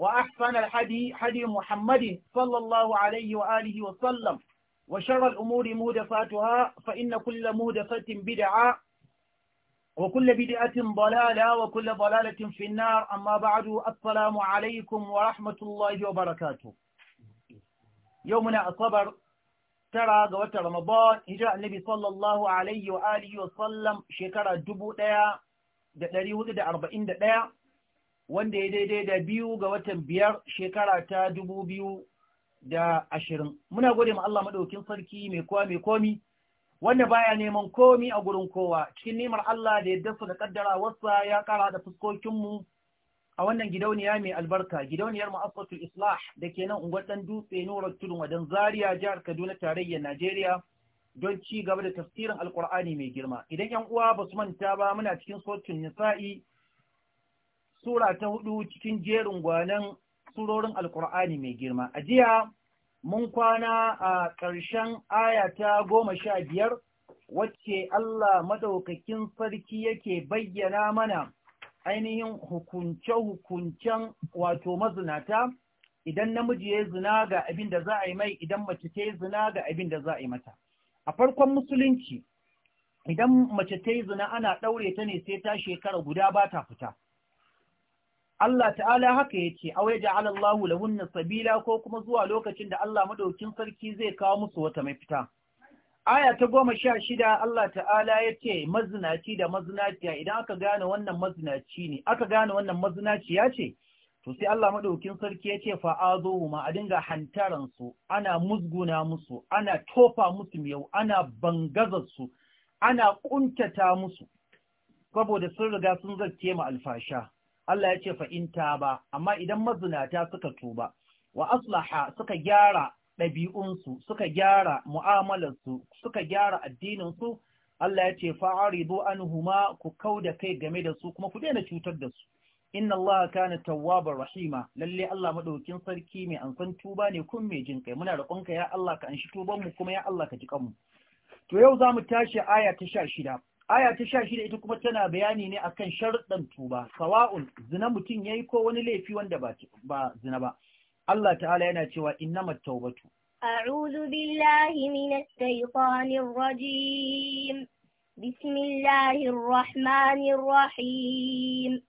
وأحسن الحدي حدي محمد صلى الله عليه وآله وسلم وشر الأمور مودفاتها فإن كل مودفة بدعة وكل بدعة ضلالة وكل ضلالة في النار أما بعد السلام عليكم ورحمة الله وبركاته يومنا الصبر ترى قوات رمضان هجاء النبي صلى الله عليه وآله وسلم شكرا دبو ديا دريه دا أربعين ديا wanda ya daidai da biyu ga watan biyar shekara ta dubu biyu da ashirin. Muna gode ma Allah maɗaukin sarki mai kowa mai komi, wanda baya neman komi a gurin kowa, cikin nemar Allah da yadda su da ƙaddara wasa ya ƙara da fuskokinmu a wannan gidauniya mai albarka, gidauniyar ma'asatul Islah da ke nan unguwar ɗan dutse Nura Tudun wajen Zaria jihar Kaduna tarayyar Najeriya don ci gaba da tafsirin Alƙur'ani mai girma. Idan ‘yan uwa ba su manta ba muna cikin sautin Nisa'i sura ta hudu cikin jerin gwanan surorin alkur'ani mai girma a jiya mun kwana a ƙarshen aya ta goma sha biyar wacce Allah maɗaukakin sarki yake bayyana mana ainihin hukunce-hukuncen wato mazinata idan namiji ya zina ga abin da za a yi mai idan mace ta yi zina ga abin da za a yi mata a farkon musulunci idan mace ta yi zina ana ɗaure ta ne sai ta shekara guda ba ta fita Allah ta'ala haka ya ce, Awai Alallahu lahunna sabila ko kuma zuwa lokacin da Allah madaukin sarki zai kawo musu wata mafita. Aya ta goma sha shida Allah ta'ala ya ce, mazinaci da mazinaciya idan aka gane wannan mazinaci ne, aka gane wannan mazinaciya ce, to sai Allah madaukin sarki ya ce fa'azo ma a dinga hantaransu, ana musguna musu, ana tofa musu miyau, ana su ana ƙuntata musu, saboda sun riga sun zarce ma alfasha. Allah ya ce fa'in ba, amma idan mazinata suka tuba, wa aslaha suka gyara ɗabi'unsu, suka gyara mu'amalarsu, suka gyara addininsu, Allah ya ce fa'arido an huma ku kau da kai game da su kuma ku daina cutar da su. Inna Allah kana tawwabar rahima, lalle Allah maɗaukin sarki mai ansan tuba ne kun mai jin kai, muna roƙonka ya Allah ka anshi tubanmu kuma ya Allah ka ji kanmu. To yau za mu tashi aya ta sha shida. aya ta sha shida ita kuma tana bayani ne akan sharuɗan tuba sawa'un zina mutum yayi ko wani laifi wanda ba ba zina ba Allah ta'ala yana cewa innamat tawbatu a'udhu billahi minash shaitanir rajim bismillahir rahmanir rahim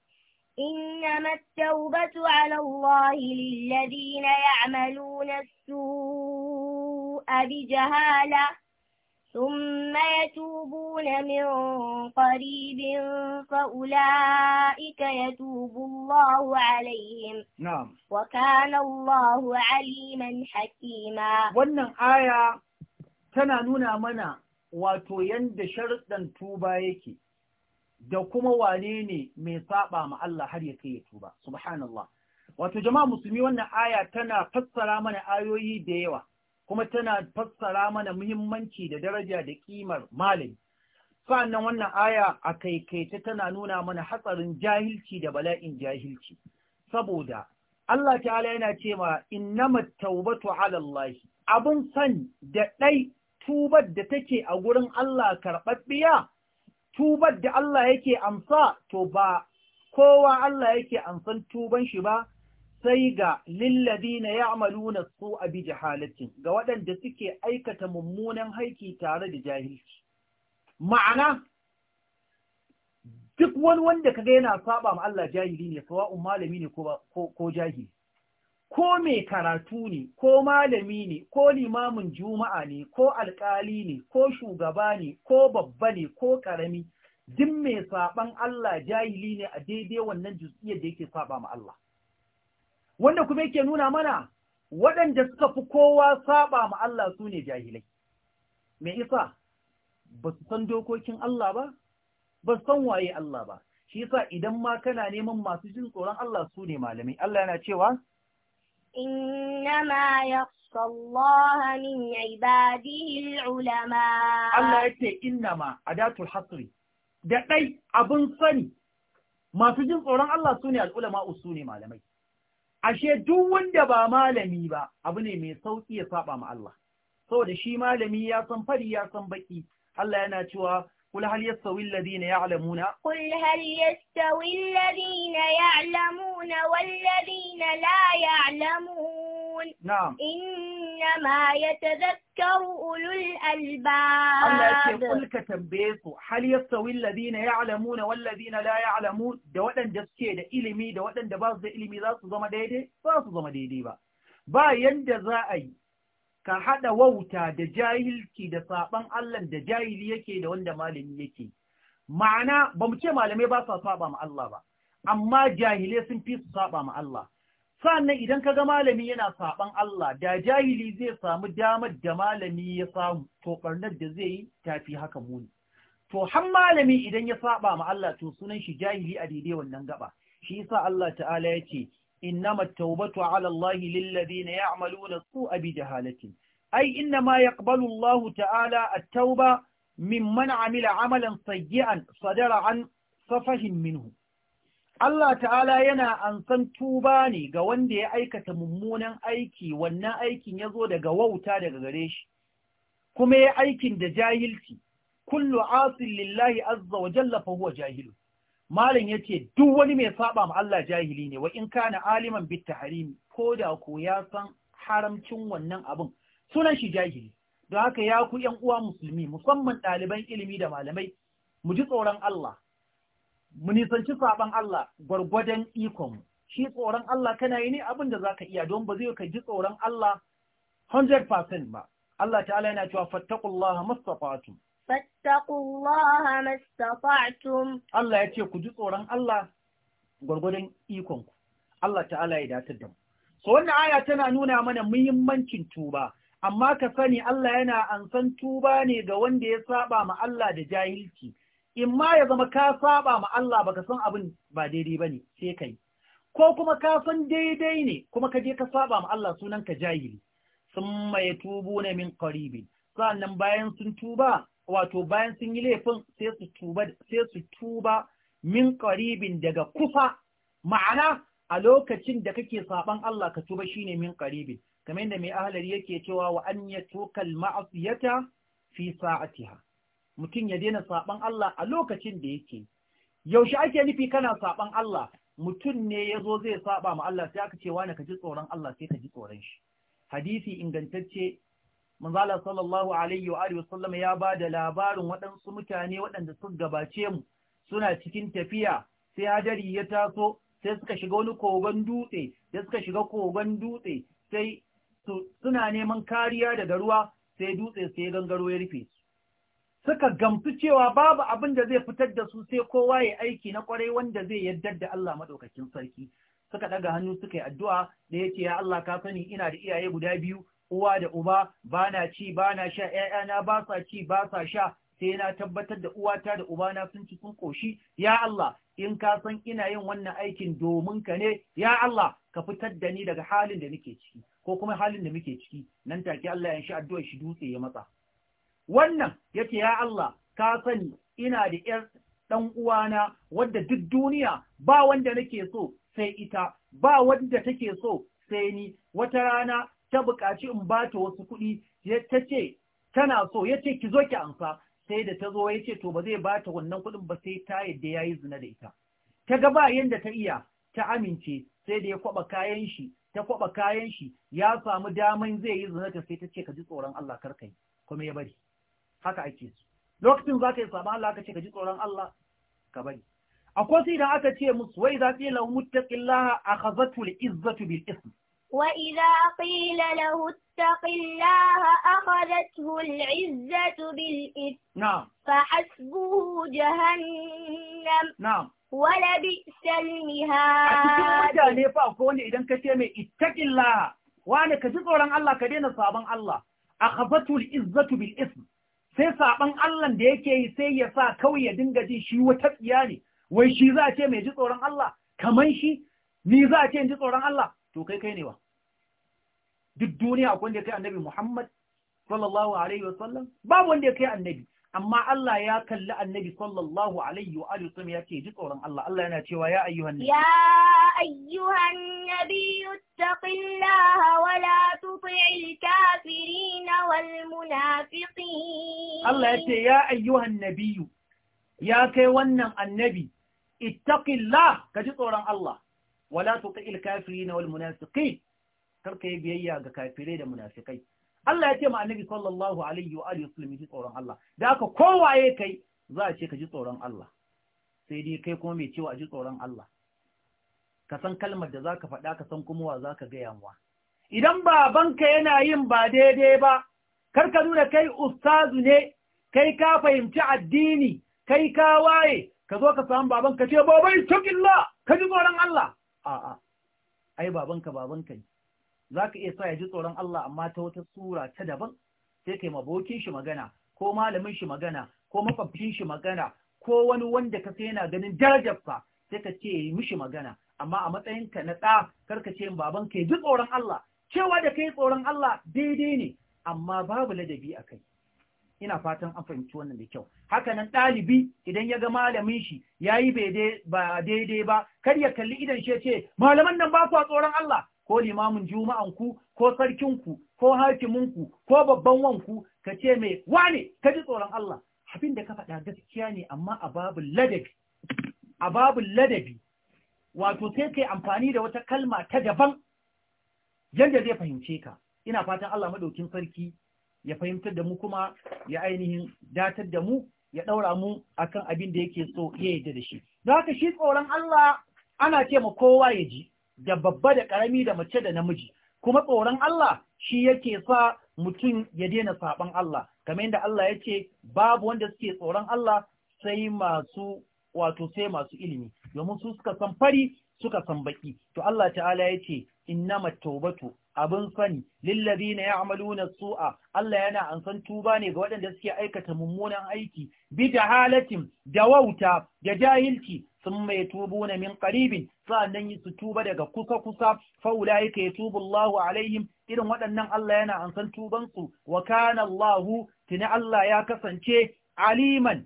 إنما التوبة على الله للذين يعملون السوء بجهاله ثم يتوبون من قريب فأولئك يتوب الله عليهم نعم وكان الله عليما حكيما wannan aya tana nuna mana wato yanda sharuɗan tuba yake da kuma wane ne mai saba ma Allah har ya kai ya tuba subhanallah wato jama'a musulmi wannan aya tana fassara mana ayoyi da yawa kuma tana fassara mana muhimmanci da daraja da kimar malami Sannan wannan aya a kaikaita tana nuna mana hatsarin jahilci da bala'in jahilci saboda Allah ta'ala yana cewa innamat taubatu ala Allah abun san da dai tubar da take a gurin Allah karɓaɓɓiya tubar da Allah yake amsa to ba kowa Allah yake amsan tuban shi ba sai ga na ya'maluna a bi jahalatin ga waɗanda suke aikata mummunan haiki tare da jahilci ma'ana duk wani wanda kaga yana saba ma Allah jahili ne sawa'un malami ne ko jahili ko mai karatu ne ko malami ne ko limamin juma'a ne ko alkali ne ko shugaba ne ko babba ne ko karami duk mai saɓan Allah jahili ne a daidai wannan juz'iyyar da yake saba ma Allah wanda kuma yake nuna mana waɗanda suka fi kowa saba ma Allah su ne jahilai. Me isa, ba su san dokokin Allah ba, ba su san waye Allah ba, shi sa idan ma kana neman masu jin tsoron Allah su ne malamai. Allah yana cewa, Innama ya Allah min ibadihi ulama. Allah ya ce a datul hasri, da ɗai abin sani, masu jin tsoron Allah su ne al'ulama su ne malamai. ashe duk wanda ba malami ba abu ne mai sauki ya saba ma Allah saboda shi malami ya san fari ya san baki Allah yana cewa قل هل يستوي الذين يعلمون قل هل يستوي الذين يعلمون والذين لا يعلمون نعم إنما يتذكر أولو الألباب الله يقول كتنبيس هل يستوي الذين يعلمون والذين لا يعلمون دواتا جسكي دا إلمي دواتا دباز دا إلمي ذات زمديدي ذات زمديدي با با يندزائي ka haɗa wauta da jahilci da saɓan Allah da jahili yake da wanda malami yake. Ma'ana ba mu ce malamai ba su saɓa ma Allah ba, amma jahilai sun fi su saɓa ma Allah. Sannan idan ka ga malami yana saɓan Allah, da jahili zai samu damar da malami ya samu, to ɓarnar da zai yi tafi haka muni. To, har malami idan ya saɓa ma Allah to sunan shi jahili a daidai wannan gaba. Shi yasa Allah ta'ala ya ce, إنما التوبة على الله للذين يعملون السوء بجهالة أي إنما يقبل الله تعالى التوبة ممن عمل عملا سيئا صدر عن صفه منه Allah ta'ala yana ansan tuba ne ga wanda ya aikata mummunan aiki wannan aikin ya zo daga wauta daga gare shi, kuma ya aikin da jahilci, kullu asin lillahi azza wa jalla huwa jahilu. malam yace duk wani mai saba ma Allah jahili ne wa in kana aliman bit tahrim ko da ko ya san haramcin wannan abin sunan shi jahili don haka ya ku ‘yan uwa musulmi musamman ɗaliban ilimi da malamai mu ji tsoron Allah mu nisanci saɓan Allah gwargwadon ikonmu shi tsoron Allah kana yi ne abin da zaka iya don ba zai ka ji tsoron Allah 100% ba Allah ta'ala yana cewa fattakullah mastafatu fattaqullaha mastata'tum Allah ya ce ku ji tsoron Allah gwargwadon ikonku ku Allah ta'ala ya datar da mu so wannan aya tana nuna mana muhimmancin tuba amma ka sani Allah yana ansan tuba ne ga wanda ya saba ma Allah da jahilci in ma ya zama ka saba ma Allah baka san abin ba daidai bane sai kai ko kuma ka san daidai ne kuma ka je ka saba ma Allah sunan ka jahili tubu yatubuna min qaribin nan bayan sun tuba wato bayan sun yi laifin sai su tuba min ƙaribin daga kusa ma'ana a lokacin da kake saban Allah ka tuba shine min ƙaribin. kamar yadda mai ahalari yake cewa wa an ya tokal ma'asiyata fi sa'atiha mutum ya daina saban Allah a lokacin da yake yaushe ake nufi kana saban Allah mutum ne ya zo zai saba ma Allah sai aka ce na ka ji tsoron Allah sai ka ji tsoron shi hadisi ingantacce manzala sallallahu alaihi wa sallam ya ba da labarin waɗansu mutane waɗanda suka gabace mu suna cikin tafiya sai hadari ya taso sai suka shiga wani kogon dutse da suka shiga kogon dutse sai suna neman kariya daga ruwa sai dutse sai gangaro ya rufe su suka gamsu cewa babu abin da zai fitar da su sai kowa ya aiki na kwarai wanda zai yarda da Allah madaukakin sarki suka daga hannu suka yi addu'a da ya ce ya Allah ka sani ina da iyaye guda biyu uwa da uba ba na ci ba na sha ‘ya'yana ba sa ci ba sa sha sai na tabbatar da uwata da ubana sun ci sun ƙoshi ya Allah in ka san ina yin wannan aikin domin ka ne ya Allah ka fitar da ni daga halin da nake ciki ko kuma halin da muke ciki nan take Allah ya shi addu'ar shi dutse ya matsa wannan yace ya Allah ka sani ina da ‘yar ɗan uwana wadda duk duniya ba wanda nake so sai ita ba wanda take so sai ni wata rana ta buƙaci in ba ta wasu kuɗi ta ce tana so ya ce ki zo ki amsa sai da ta zo ya ce to ba zai ba ta wannan kuɗin ba sai ta yadda ya yi zina da ita ta ga ba yadda ta iya ta amince sai da ya kwaɓa kayan shi ta kwaɓa kayan shi ya samu daman zai yi zina ta sai ta ce ka ji tsoron Allah kar ka kuma ya bari haka ake su lokacin za ka yi saban Allah ka ce ka ji tsoron Allah ka bari akwai sai idan aka ce musu wai za su yi lahu muttaqillaha akhazatu al-izzatu bil ism وإذا قيل له اتق الله أخذته العزة بالإثم نعم فحسبه جهنم نعم ولبئس المهاد أتكلم متى نفع فوني إذا كتيمي اتق الله وأنا كتب عن الله كدين صابن الله أخذته العزة بالإثم sai saban Allah da yake yi sai ya sa kawai ya dinga jin shi wata tsiya ne wai shi za ce mai ji tsoron Allah kaman shi ni za ce ji tsoron Allah to kai kai ne wa duk duniya akwai wanda ya kai annabi Muhammad sallallahu alaihi wa sallam babu wanda ya kai annabi amma Allah ya kalli annabi sallallahu alaihi wa alihi wasallam ya ce ji tsoron Allah Allah yana cewa ya ayyuhan nabi ya ayyuhan nabi ittaqillaha wa la tuti'il kafirin wal munafiqin Allah ya ce ya ayyuhan nabi ya kai wannan annabi ittaqillah ka ji tsoron Allah wala tuti'il kafirin na munafiqin karka yi biyayya ga kafirai da munafikai Allah ya ce ma annabi sallallahu alaihi wa alihi wasallam ji tsoron Allah da haka kowaye kai za a ce ka ji tsoron Allah sai dai kai kuma mai cewa ji tsoron Allah ka san kalmar da zaka faɗa ka san kuma wa zaka ga yamuwa idan babanka yana yin ba daidai ba kar ka nuna kai ustazu ne kai ka fahimci addini kai ka waye ka zo ka samu babanka ka ce babai taqillah ka ji tsoron Allah a'a ai babanka babanka ne za ka iya sa ya ji tsoron Allah amma ta wata sura ta daban sai kai mabokin shi magana ko malamin shi magana ko makwabcin shi magana ko wani wanda ka sai yana ganin darajar fa. sai ka ce yi mishi magana amma a matsayin ka na ɗa karka ce babanka ya ji tsoron Allah cewa da kai tsoron Allah daidai ne amma babu ladabi a kai ina fatan an fahimci wannan da kyau haka nan ɗalibi idan ya ga malamin shi ya yi ba daidai ba kar ya kalli idan shi ce malaman nan ba ku a tsoron Allah ko limamin juma'an ku ko Sarkinku, ko hakimin ku ko babban wanku ka ce mai wane ka ji tsoron Allah abin da ka faɗa gaskiya ne amma a babu ladabi a ladabi wato sai kai amfani da wata kalma ta daban yadda zai fahimce ka ina fatan Allah madaukin sarki ya fahimtar da mu kuma ya ainihin datar da mu ya ɗaura mu akan abin da yake so ya yadda da shi don haka shi tsoron Allah ana ce ma kowa ya ji da babba da ƙarami da mace da namiji kuma tsoron Allah shi yake sa mutum ya daina saɓan Allah kamar yadda Allah ya ce babu wanda suke tsoron Allah sai masu wato sai masu ilimi domin su suka san fari suka san baki to Allah ta'ala ya ce innama tawbatu abin sani na yamalu na su'a Allah yana ansan tuba ne ga waɗanda suke aikata mummunan aiki bi halatin da wauta da jahilci sun mai tubuna min qaribin sa'annan su tuba daga kusa kusa Faula yake yatubu alaihim irin waɗannan Allah yana ansan tuban su wa kana Allah ya kasance aliman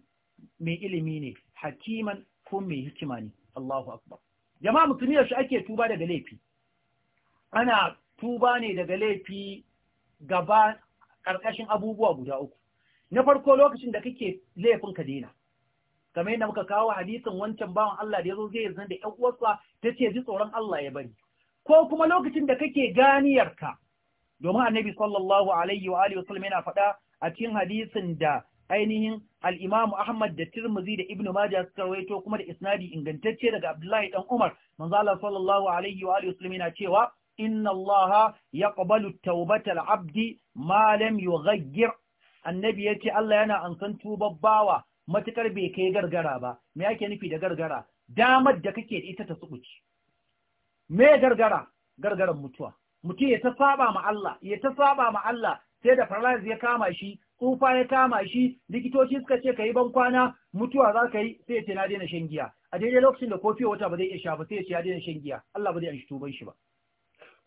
mai ilimi ne hakiman ko mai hikima ne Allahu akbar jama'a musulmi shi ake tuba daga laifi ana tuba ne daga laifi gaba ƙarƙashin abubuwa guda uku. Na farko lokacin da kake laifin ka daina, kamar yadda muka kawo hadisin wancan bawan Allah da ya zo zai zan da ‘yan uwarsa ta ce ji tsoron Allah ya bari. Ko kuma lokacin da kake ganiyarka, domin annabi sallallahu alaihi wa alihi wasallam yana faɗa a cikin hadisin da ainihin al-Imam Ahmad da Tirmidhi da Ibn Majah suka rawaito kuma da isnadi ingantacce daga Abdullahi dan Umar manzo Allah sallallahu alaihi wa alihi wasallam yana cewa inna Allah ya ƙabalu taubatar abdi malam yi gaggir annabi ya ce Allah yana ansan tubar bawa matukar bai kai gargara ba me ake nufi da gargara damar da kake da ita ta tsubuci me gargara gargaran mutuwa mutum ya ta saba ma Allah ya ta saba ma Allah sai da paralysis ya kama shi tsufa ya kama shi likitoci suka ce kayi ban kwana mutuwa za ka yi sai ya ce na daina shan giya a daidai lokacin da kofi wata ba zai iya sha ba sai ya ce ya daina shan giya Allah ba zai an shi tuban shi ba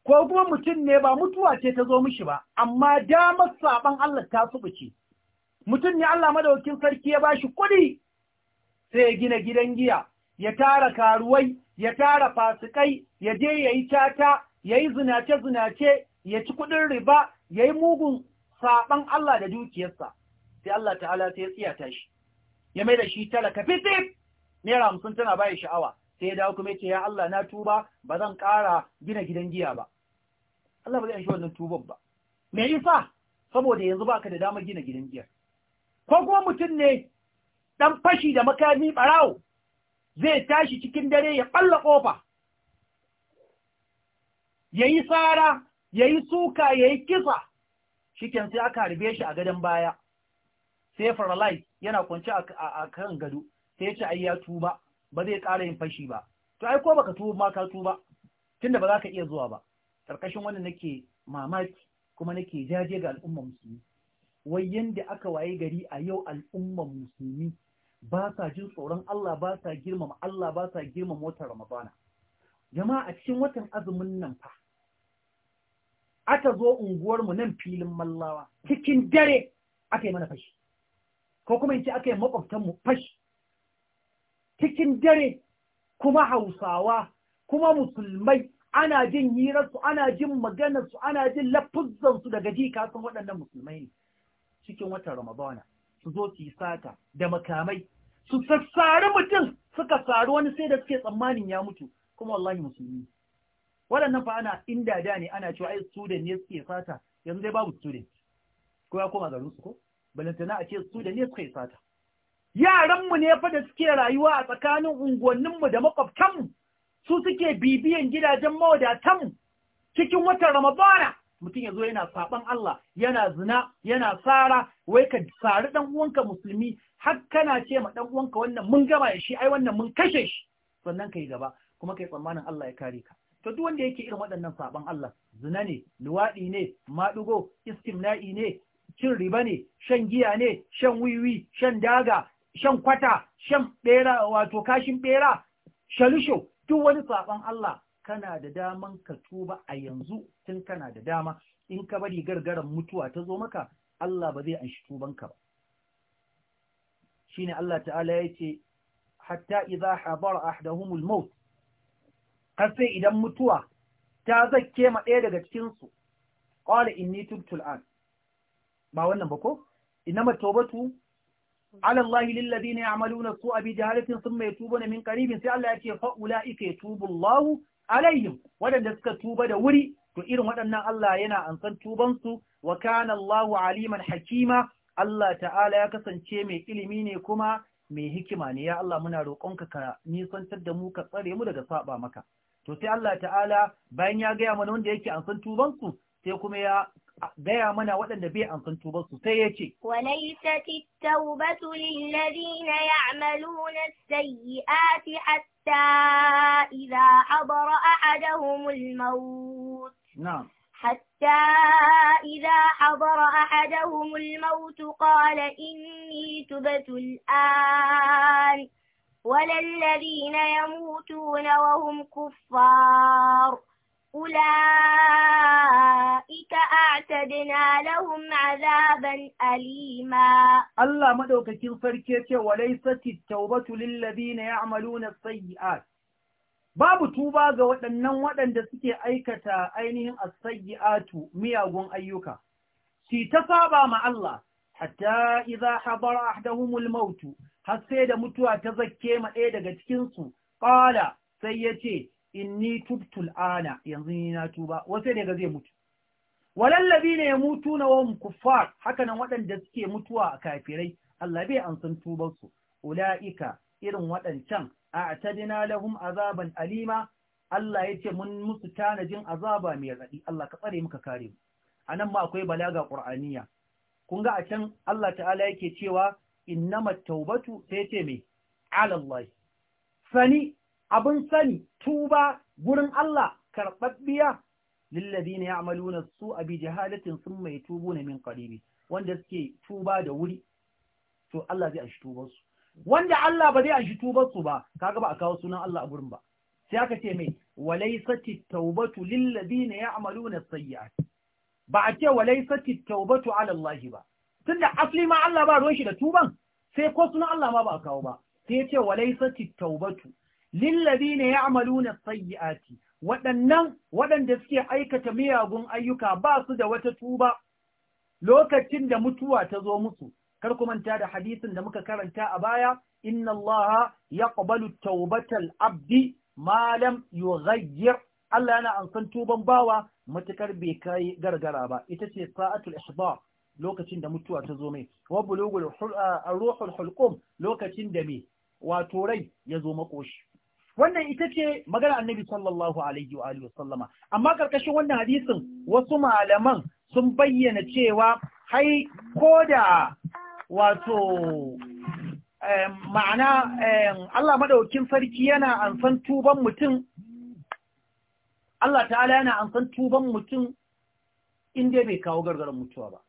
ko kuma mutum ne ba mutuwa ce ta zo mishi ba amma damar saɓan Allah ta subuce mutum ne Allah madaukin sarki ya ba shi kuɗi sai ya gina gidan giya ya tara karuwai ya tara fasikai ya je ya yi cata, ya yi zinace zinace ya ci kuɗin riba ya yi mugun sabon Allah da dukiyarsa sai Allah ta'ala sai ya tsiyata shi ya mai da shi talaka fitif naira hamsin tana baya sha'awa sai ya dawo kuma ya ce ya Allah na tuba ba zan ƙara gina gidan giya ba Allah ba zai amshi wannan tuban ba me yasa saboda yanzu baka da damar gina gidan giyar ko kuma mutum ne dan fashi da makami barawo zai tashi cikin dare ya balla kofa yayi sara yayi suka yayi kisa shiken sai aka harbe shi a gadon baya sai faralai yana kwance a kan gado sai ce ai ya tuba ba zai ƙara yin fashi ba to ai ko baka tuba ma ka tuba tunda ba za ka iya zuwa ba ƙarƙashin wannan nake mamaki kuma nake jaje ga al'ummar musulmi wai yanda aka waye gari a yau al'ummar musulmi ba sa jin tsoron Allah ba sa girmama Allah ba sa girmama wata Ramadana jama'a a cikin watan azumin nan fa aka zo unguwar mu nan filin mallawa cikin dare aka yi mana fashi ko kuma in ce aka yi makwabtan mu fashi cikin dare kuma Hausawa kuma musulmai ana jin hirarsu ana jin maganarsu ana jin lafuzzansu daga ji kasan waɗannan musulmai ne cikin watan ramadana su zo su yi sata da makamai su sassari mutum suka sari wani sai da suke tsammanin ya mutu kuma wallahi musulmi waɗannan fa ana inda da ne ana cewa ai student ne suke sata yanzu dai babu student ko ya koma garin su ko balantana a ce student ne suka yi sata yaranmu ne fa da suke rayuwa a tsakanin unguwanninmu da makwabtanmu su suke bibiyan gidajen mawadatan cikin watan Ramadana mutum ya zo yana saban Allah yana zina yana tsara wai ka sari dan uwanka musulmi har kana ce ma dan uwanka wannan mun gama ya shi ai wannan mun kashe shi sannan kai gaba kuma kai tsammanin Allah ya kare ka to duk wanda yake irin waɗannan saban Allah zina ne luwaɗi ne madugo istimna'i ne cin riba ne shan giya ne shan wiwi shan daga shan kwata shan bera wato kashin bera shalusho duk wani saban Allah kana da daman ka tuba a yanzu tun kana da dama in ka bari gargaran mutuwa ta zo maka Allah ba zai anshi tubanka ba shine Allah ta'ala ya ce, hatta idza hadara ahdahumul maut har idan mutuwa ta zakke ma ɗaya daga cikin su qala inni tubtu an. ba wannan ba ko inama tawbatu ala Allah lilladhina ya'maluna su'a bi jahalatin thumma yatubuna min qaribin sai Allah ya ce fa ulaika yatubu Allah alaihim wadanda suka tuba da wuri to irin waɗannan Allah yana ansan tuban su wa kana Allahu aliman hakima Allah ta'ala ya kasance mai ilimi ne kuma mai hikima ne ya Allah muna roƙonka ka nisantar da mu ka tsare mu daga saba maka to sai Allah ta'ala bayan ya gaya mana wanda yake ansan tubansu sai kuma ya gaya mana waɗanda bai an san tubar su sai yace walaysati tawbatu lil ladina ya'maluna as-sayyi'ati hatta idha habara ahaduhum al-maut na'am حتى إذا حضر أحدهم الموت قال إني تبت الآن ولا الذين يموتون وهم كفار أولئك أعتدنا لهم عذابا أليما الله مدوك كيرفركيك وليست التوبة للذين يعملون السيئات babu tuba ga waɗannan waɗanda suke aikata ainihin as-sayyi'atu miyagun ayyuka shi ta saba ma Allah hatta idza hadara ahdahumul maut har sai da mutuwa ta zakke ma ɗaya daga cikin su qala sai yace inni tubtul ana yanzu ni na tuba wasu daga zai mutu walallabi ne ya mutu na wahum kuffar hakanan waɗanda suke mutuwa a kafirai Allah bai an san tubar su ula'ika irin waɗancan a tadina lahum azaban alima Allah ya ce mun musu tanajin azaba mai raɗi Allah ka tsare muka kare mu anan ma akwai balaga ƙur'aniya. kun ga a can Allah ta'ala yake cewa innamat mataubatu sai ce me ala Allah sani abin sani tuba gurin Allah karɓaɓɓiya lillazina ya'maluna su'a bi jahalatin tubu na min qaribi wanda suke tuba da wuri to Allah zai ashi tubar su wanda Allah ba zai ashi tubar su ba kaga ba a kawo sunan Allah a gurin ba sai aka ce mai walaysati tawbatu lillazina ya'maluna sayyi'at ba a ce walaysati tawbatu ala Allah ba tunda asli ma Allah ba ruwan shi da tuban sai ko sunan Allah ma ba a kawo ba sai ya ce walaysati tawbatu lillazina ya'maluna sayyi'ati waɗannan waɗanda suke aikata miyagun ayyuka ba su da wata tuba lokacin da mutuwa ta zo musu kar ku manta da hadisin da muka karanta a baya inna ya qabalu tawbatal abdi ma lam yughayyir Allah yana ansan tuban bawa matukar bai kai gargara ba ita ce sa'atul ihda lokacin da mutuwa ta zo mai wa bulugul ruhul hulqum lokacin da me wato rai ya zo makoshi wannan ita ce magana annabi sallallahu alaihi wa alihi amma karkashin wannan hadisin wasu malaman sun bayyana cewa hai koda wato ma'ana Allah madaukin sarki yana ansan tuban mutum Allah ta'ala yana ansan tuban mutum inda bai kawo gargaran mutuwa ba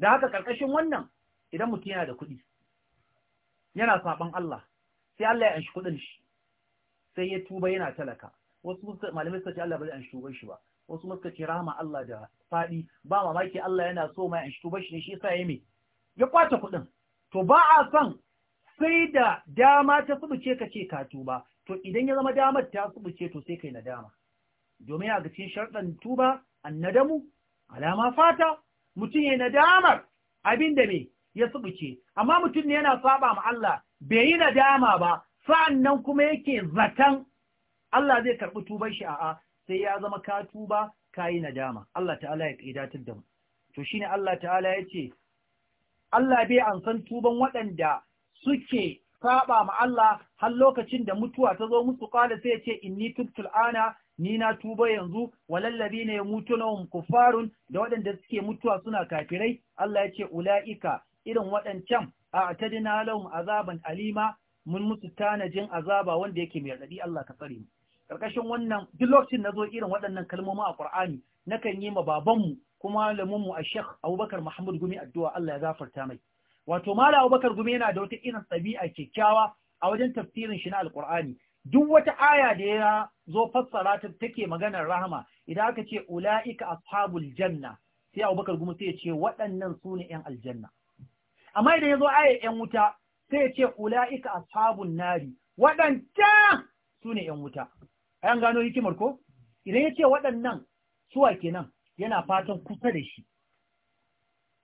da haka karkashin wannan idan mutum yana da kuɗi yana saban Allah sai Allah ya anshi kuɗin shi sai ya tuba yana talaka wasu malamai suka ce Allah ba zai an shugar shi ba wasu suka ce rahama Allah da fadi ba mamaki Allah yana so mai an shugar shi ne shi yasa ya me ya kwace kuɗin to ba a son sai da dama ta subuce ka ce ka tuba to idan ya zama damar ta subuce to sai kai nadama domin a cikin sharɗan tuba an nadamu alama fata mutum ya nadamar abin da me ya subuce amma mutum ne yana saba ma Allah bai yi nadama ba sa'an nan kuma yake zaton Allah zai karɓi tuban shi a'a sai ya zama ka tuba ka yi nadama Allah ta'ala ya ƙidatar da mu to shi ne Allah ta'ala ya ce Allah bai an san tuban waɗanda suke saba ma Allah har lokacin da mutuwa ta zo musu ƙwada sai ya ce inni tubtul ana ni na tuba yanzu walallabi ne ya mutu na kufarun da waɗanda suke mutuwa suna kafirai Allah ya ce ula'ika irin waɗancan a tadina lahum azaban alima mun musu tanajin azaba wanda yake mai raɗaɗi Allah ka tsare mu karkashin wannan duk lokacin na zo irin waɗannan kalmomi a Qur'ani nakan yi ma babanmu kuma malaminmu a Sheikh Abubakar Muhammad Gumi addu'a Allah ya gafarta mai wato Malam Abubakar Gumi yana da wata irin ɗabi'a kyakkyawa a wajen tafsirin shi na Alƙur'ani duk wata aya da ya zo fassara ta take maganar rahama idan aka ce ula'ika ashabul janna sai Abubakar Gumi sai ya ce waɗannan su ne ƴan aljanna amma idan ya zo aya ƴan wuta sai ce ula'ika a ashabun nari waɗancan su ne ‘yan wuta ayan gano hikimar ko idan ya ce waɗannan suwa kenan yana fatan kusa da shi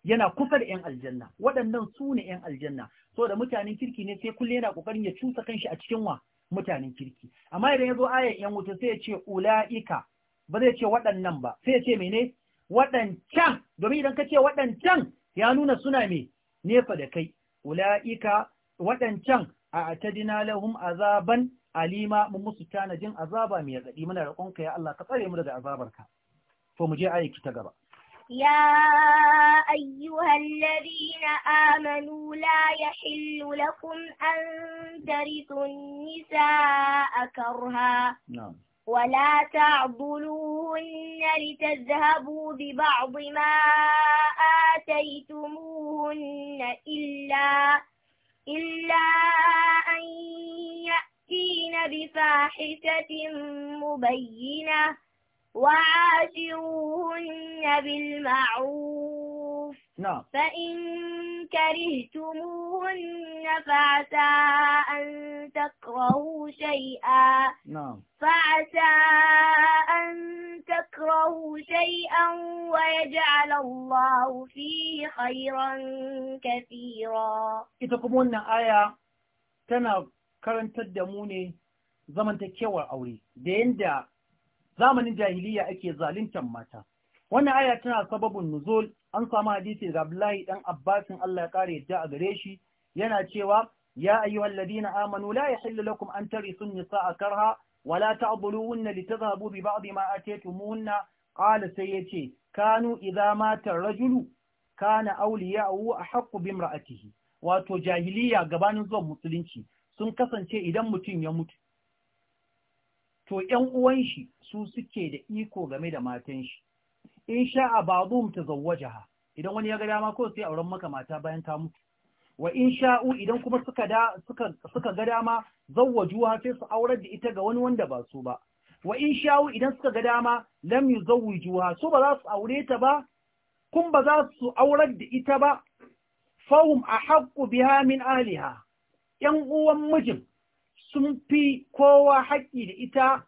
yana kusa da ‘yan aljanna waɗannan su ne ‘yan aljanna so da mutanen kirki ne sai kulle yana ƙoƙarin ya cusa kanshi a cikin wa mutanen kirki amma idan ya zo ayan ‘yan wuta sai ya ce ula'ika ba zai ce waɗannan ba sai ya ce mene waɗancan domin idan ka ce waɗancan ya nuna suna mai nefa da kai ula'ika waɗancan a atadina lahum azaban alima mun musu tanadin azaba mai raɗi muna roƙonka ya Allah ka tsare mu daga azabarka to mu je ayyuki ta gaba يا أيها الذين آمنوا لا يحل لكم أن ترثوا النساء كرها نعم. ولا تعضلوهن لتذهبوا ببعض ما آتيتموهن إلا إلا أن يأتين بفاحشة مبينة وعاشروهن بالمعروف نعم فإن كرهتموهن فعسى أن تكرهوا شيئا نعم فعسى أن تكرهوا شيئا ويجعل الله فيه خيرا كثيرا إتقمون آية تنا karantar da mu ne zamantakewar aure da yadda zamanin jahiliya ake zaluntar mata wannan aya tana sababin nuzul an samu hadisi daga Abdullahi dan Abbasin Allah ya kare yadda a gare shi yana cewa ya ayyuhal ladina amanu la yahillu lakum an tarisu nisaa karha wala ta'dhuluhunna litadhhabu bi ba'd ma ataytumuhunna qala sai yace kanu idza mata rajulu kana awliya'u ahqqu bi imra'atihi wato jahiliya gabanin zuwa musulunci sun kasance idan mutum ya mutu to ‘yan uwan shi su suke da iko game da matan shi, in sha'a ba zuwa ta ha, idan wani ya ga dama ko sai auren maka mata bayan ta mutu, wa in sha'u idan kuma suka, ga dama zawwaju ha sai su aurar da ita ga wani wanda ba su ba, wa in sha'u idan suka ga dama lam yi zawwaju ha, su ba za su aure ta ba, kun ba za su aurar da ita ba, Fahim a haƙƙu biha min aliha, ‘yan uwan mijin sun fi kowa haƙƙi da ita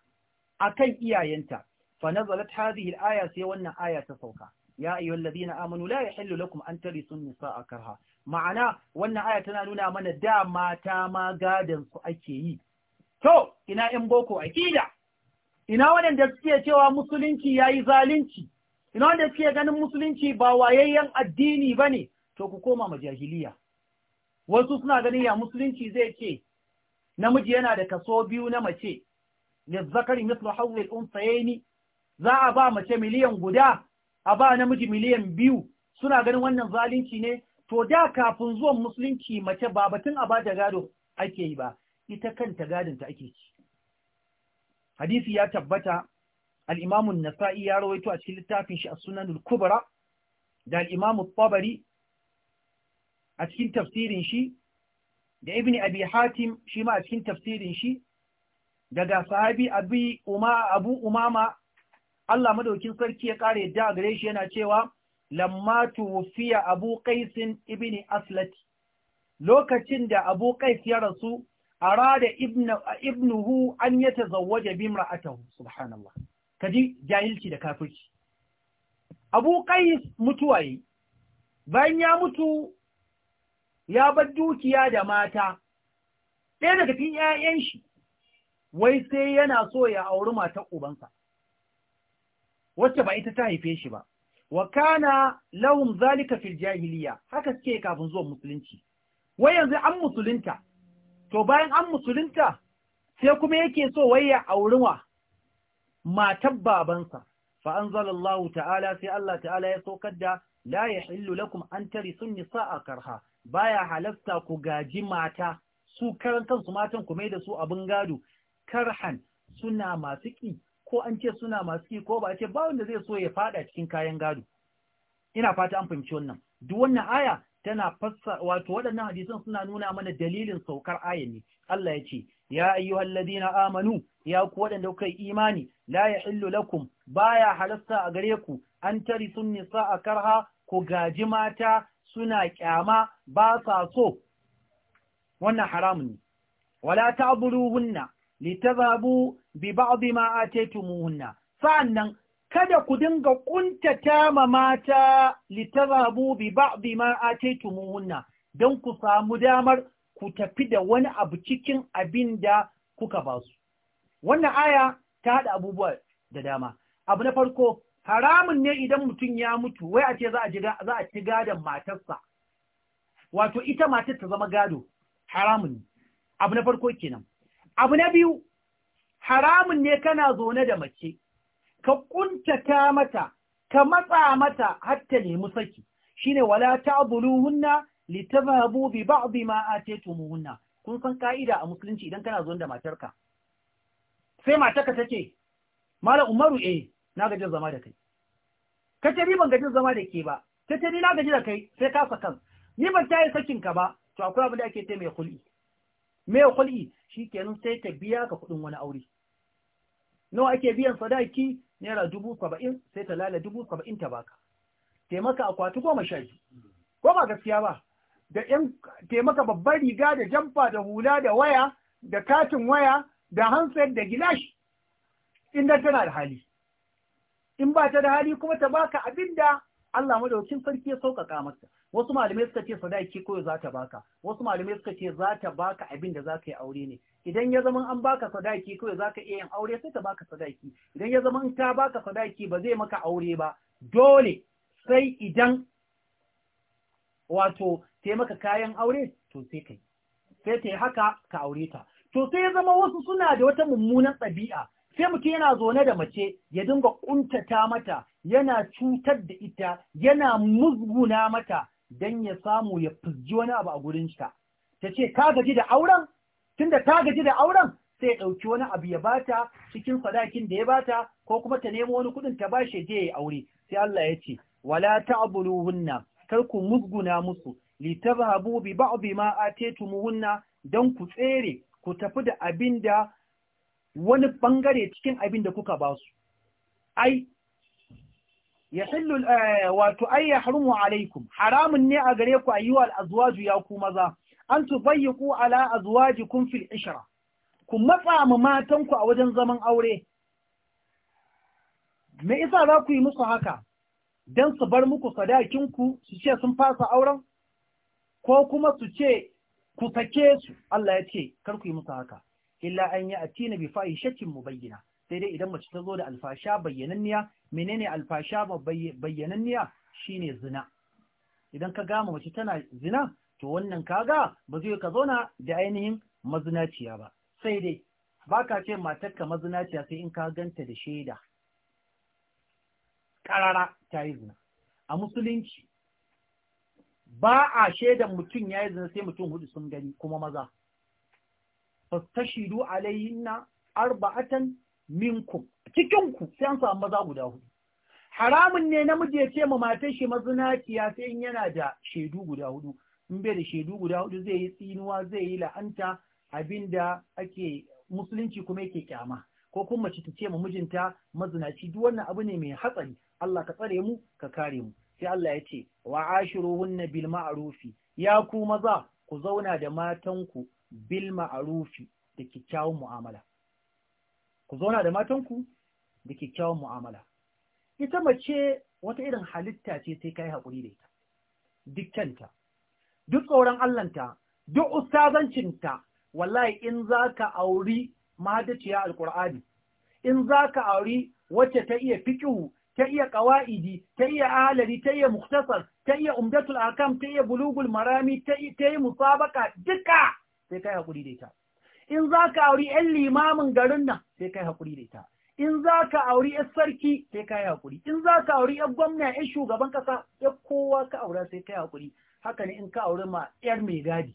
akan iyayenta fa nazalat aya sai wannan aya ta sauka ya ayyuhal ladina amanu la yahillu lakum an tarisu nisaa karha ma'ana wannan aya tana nuna mana da mata ma gadan su ake yi to ina yan boko akida ina wadanda suke cewa musulunci yayi zalunci ina wanda suke ganin musulunci ba wayayyen addini bane to ku koma majahiliya wasu suna ganin ya musulunci zai ce namiji yana da kaso biyu na mace lizzakari mislu hawlil unsayni za a ba mace miliyan guda a ba namiji miliyan biyu suna ganin wannan zalunci ne to da kafin zuwan musulunci mace ba batun a bata gado ake yi ba ita kanta gadinta ake ci hadisi ya tabbata al nasai ya rawaito a cikin littafin shi a sunan al-Kubra da al-Imam a cikin tafsirin shi da ibn abi hatim shi ma a cikin tafsirin shi daga sahabi abu umama Allah madaukin sarki ya kare da gare shi yana cewa lamma tuwfiya abu qais ibn aslat lokacin da abu qais ya rasu arada ibnu ibnuhu an yatazawwaja bi imra'atihi subhanallah kaji jahilci da kafirci abu qais mutuwaye bayan ya mutu ya bar dukiya da mata, ɗaya daga cikin ‘ya'yan shi, wai sai yana so ya auri matar ubansa, wacce ba ita ta haife shi ba, wa kana lahum zalika fil jahiliya, haka suke kafin zuwa musulunci, wai yanzu an musulunta, to bayan an musulunta sai kuma yake so wai ya auri wa matar babansa, fa'anzalallahu ta'ala sai Allah ta'ala ya saukar da la ya hillu lakum an tari sun nisa a karha. baya halasta ku gaji mata su karan kansu matan ku mai da su abin gado karhan suna masu ki ko an ce suna masu ki ko ba ce ba wanda zai so ya fada cikin kayan gado ina fata an fahimci wannan duk wannan aya tana fassa wato waɗannan hadisan suna nuna mana dalilin saukar ayan ne Allah ya ce ya ayyuhal ladina amanu ya ku waɗanda kuka yi imani la yahillu lakum baya halasta a gare ku an nisa a karha ku gaji mata suna kyama ba sa so wannan haramun ne wala ta'buruhunna litadhabu bi ba'd ma ataytumuhunna sa'annan kada ku dinga kuntata ma mata litadhabu bi ba'd ma ataytumuhunna don ku samu damar ku tafi da wani abu cikin abinda kuka basu. su wannan aya ta haɗa abubuwa da dama abu na farko haramun ne idan mutum ya mutu wai a ce za a ci gadon matarsa wato ita matar ta zama gado haramun ne abu na farko kenan abu na biyu haramun ne kana zaune da mace ka kuntata mata ka matsa mata har ta nemi saki shine wala ta'dhuluhunna litadhhabu bi ba'd ma ataytumuhunna kun san ka'ida a musulunci idan kana zaune da matarka sai matarka tace mallam umaru eh na gaji zama da kai ka ce ni ban gaji zama da ke ba ka ce ni na gaji da kai sai ka sakan ni ban tayi sakin ka ba to akwai abin da ake ce mai kul'i mai kul'i shikenan sai ta biya ka kuɗin wani aure nawa ake biyan sadaki naira dubu saba'in sai ta lala dubu saba'in ta baka taimaka akwati goma sha biyu ko ba gaskiya ba da ƴan taimaka babban riga da jamfa da hula da waya da katin waya da hansa da gilashi inda tana da hali in ba ta da hali kuma ta baka abin da Allah madaukin sarki ya sauƙaƙa maka. wasu malamai suka ce sadaki koyo za ta baka wasu malamai suka ce za ta baka abin da za ka yi aure ne idan ya zama an baka sadaki koyo za ka iya yin aure sai ta baka sadaki idan ya zama ta baka sadaki ba zai maka aure ba dole sai idan wato sai maka kayan aure to sai kai sai ta yi haka ka aure ta to sai ya zama wasu suna da wata mummunan ɗabi'a sai mutum yana zaune da mace ya dinga ƙuntata mata yana cutar da ita yana muzguna mata don ya samu ya fuzji wani abu a gurin ta ta ce ka gaji da auren tunda ta gaji da auren sai ya ɗauki wani abu ya bata cikin sadakin da ya bata ko kuma ta nemo wani kuɗin ta ba shi je ya aure sai Allah ya ce wala ta'buluhunna kar ku muzguna musu litabhabu bi ba'dhi ma ataytumuhunna dan ku tsere ku tafi da abinda wani bangare cikin abin da kuka ba su ai ya hillu eh, wato ai ya harumu alaikum haramun ne a gare ku a yi wa al’azuwaju ya ku maza an ku ala kun fil ishara, ku matsa mu matanku a wajen zaman aure me isa za ku yi musu haka don su bar muku sadakinku su ce sun fasa auren ko kuma su ce ku sake su Allah ya ce kar ku yi musu haka illa an yi atina bi fahishatin mubayyana sai dai idan mace ta zo da alfasha bayyananniya menene alfasha bayyananniya shine zina idan ka gama mace tana zina to wannan kaga ba zai ka zauna da ainihin mazinaciya ba sai dai baka ce matarka mazinaciya sai in ka ganta da shaida karara ta yi zina a musulunci ba a shaidan mutum ya yi zina sai mutum hudu sun gani kuma maza fastashidu alayhinna arba'atan minkum cikin ku sai an samu maza guda hudu haramun ne namiji ya ce ma matan shi mazinaciya sai yana da shaidu guda hudu in bai da shaidu guda hudu zai yi tsinuwa zai yi la'anta abinda ake musulunci kuma yake kyama ko kuma mace ta ce ma mijinta mazinaci duk wannan abu ne mai hatsari Allah ka tsare mu ka kare mu sai Allah ya ce wa ashiruhunna bil ma'rufi ya ku maza ku zauna da matanku bil ma'arufi da kyakkyawan mu'amala ku zauna da matanku da kyakkyawan mu'amala ita mace wata irin halitta ce sai kai haƙuri da ita dukkanta duk tsoron Allahnta duk ustazancinta wallahi in zaka auri mahaddaciya Alƙur'ani, in zaka auri wacce ta iya fiqhu ta iya ƙawa'idi, ta iya Alari, ta iya Muktasar, ta iya umdatul akam ta iya bulugul marami ta iya musabaka duka sai kai haƙuri da ita in za ka auri ‘yan limamin garin nan sai kai haƙuri da ita in za ka auri ‘yan sarki sai kai haƙuri in za ka auri ‘yan gwamna ‘yan shugaban ƙasa ‘yan kowa ka aura sai kai haƙuri haka ne in ka auri ma ‘yar mai gadi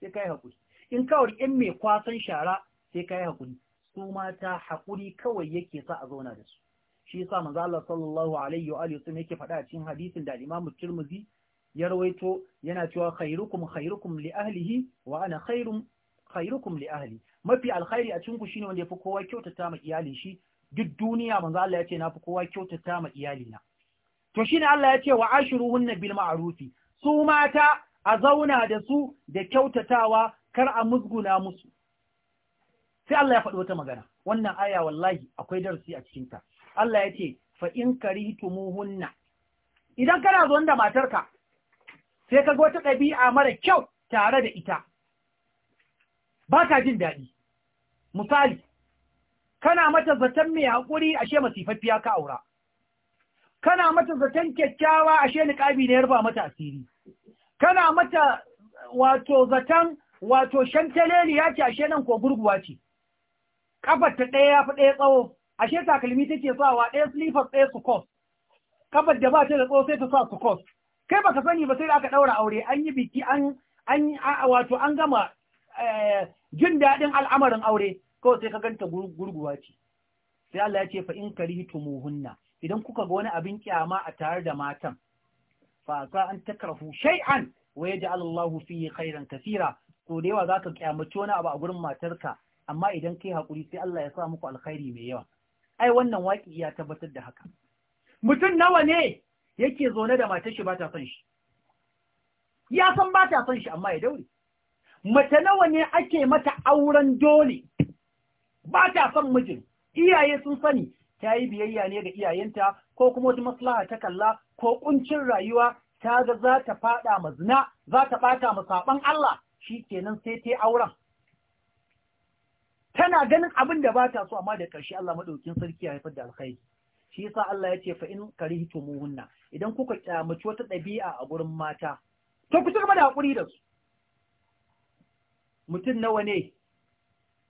sai kai haƙuri in ka auri ‘yan mai kwasan shara sai kai hakuri. su mata hakuri kawai yake sa a zauna da su shi yasa manzo Allah sallallahu alaihi wa alihi yake faɗa a cikin hadisin da Imam Tirmidhi Yarwaito yana cewa khairukum khairukum li ahlihi wa ana khairum khairukum li ahli mafi alkhairi a cikin ku shine wanda yafi kowa kyautata ma iyalin shi duk duniya manzo Allah ya ce na fi kowa kyautata ma iyalina to shine Allah ya ce wa ashiruhunna bil ma'rufi su mata a zauna da su da kyautatawa kar a musguna musu sai Allah ya faɗi wata magana wannan aya wallahi akwai darasi a cikinta Allah ya ce fa in karihtumuhunna idan kana zo da matarka sai ka ga wata ɗabi'a mara kyau tare da ita ba ka jin daɗi misali kana mata zaton mai haƙuri ashe masifaffiya ka aura kana mata zaton kyakkyawa ashe niƙabi da yarba mata asiri kana mata wato zaton wato Ya ce ashe nan ko gurguwa ce Ƙafar ta ɗaya ya fi ɗaya tsawo ashe takalmi take sawa ɗaya slippers ɗaya su kos ƙafar da ba ta da tsawo sai ta sa su kos kai baka sani ba sai da aka daura aure an yi biki an an wato an gama eh, jin daɗin al'amarin aure kawai sai ka ganta gurguwa ce sai Allah ya ce fa in karihtumuhunna idan kuka ga wani abin kyama a tare da matan fa ka an takrahu shay'an wa yaj'al Allahu fihi khairan kaseera to da yawa zaka kyamaci wani abu a gurin matarka amma idan kai hakuri sai Allah ya sa muku alkhairi mai yawa ai wannan waki ya tabbatar da haka mutum nawa ne yake zaune da matar shi ba ta son shi ya san ba ta son shi amma ya daure mace nawa ne ake mata auren dole ba ta son mijin iyaye sun sani ta yi biyayya ne ga iyayenta ko kuma wata maslaha ta kalla ko kuncin rayuwa ta ga za ta fada ma zina za ta bata ma sabon Allah shi kenan sai ta auren tana ganin abin da ba ta so amma da ƙarshe Allah madaukin sarki ya haifar da alkhairi shi yasa Allah ya ce fa in karihtumuhunna idan kuka kyamaci wata ɗabi'a a gurin mata to ku ci gaba da hakuri da su mutum nawa ne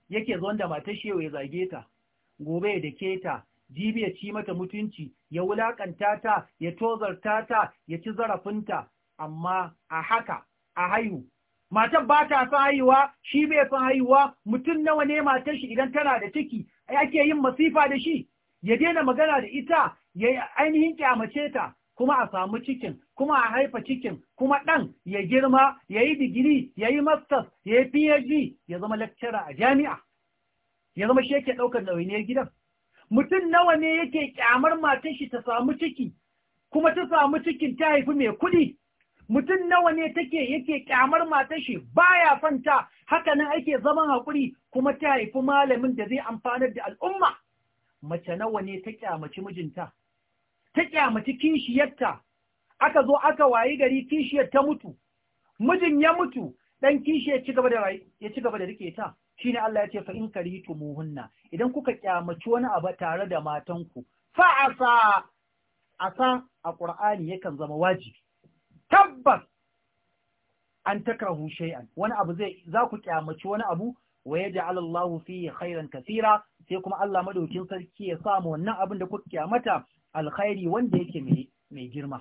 yake zuwan da matar shi ya zage ta gobe ya dake ta jibi ya ci mata mutunci ya wulakanta ta ya tozarta ta ya ci zarafinta amma a haka a haihu matar ba ta son haihuwa shi bai son haihuwa mutum nawa ne matar shi idan tana da ciki ake yin masifa da shi ya daina magana da ita ya ainihin kyamace ta kuma a samu cikin kuma a haifa cikin kuma ɗan ya girma ya yi digiri ya yi masters ya yi phd ya zama lecturer a jami'a ya zama shi yake ɗaukar nauyiniyar gidan mutum nawa ne yake kyamar matan shi ta samu ciki kuma ta samu cikin ta haifi mai kuɗi mutum nawa ne take yake kyamar matan shi baya fanta haka nan ake zaman hakuri kuma ta haifi malamin da zai amfanar da al'umma mace nawa ne ta kyamaci mijinta ta kyamaci kishiyarta aka zo aka wayi gari kishiyar ta mutu mijin ya mutu ɗan kishiyar ya ci gaba da rike ta shi ne Allah ya ce fa in muhunna" idan kuka kyamaci wani abu tare da matanku fa asa a Qur'ani yakan zama wajibi tabbas an takrahu shay'an wani abu zai za ku kyamaci wani abu wa yaj'al Allahu fihi khairan kaseera sai kuma Allah madaukin sarki ya samu wannan abin da kuka mata alkhairi wanda yake mai girma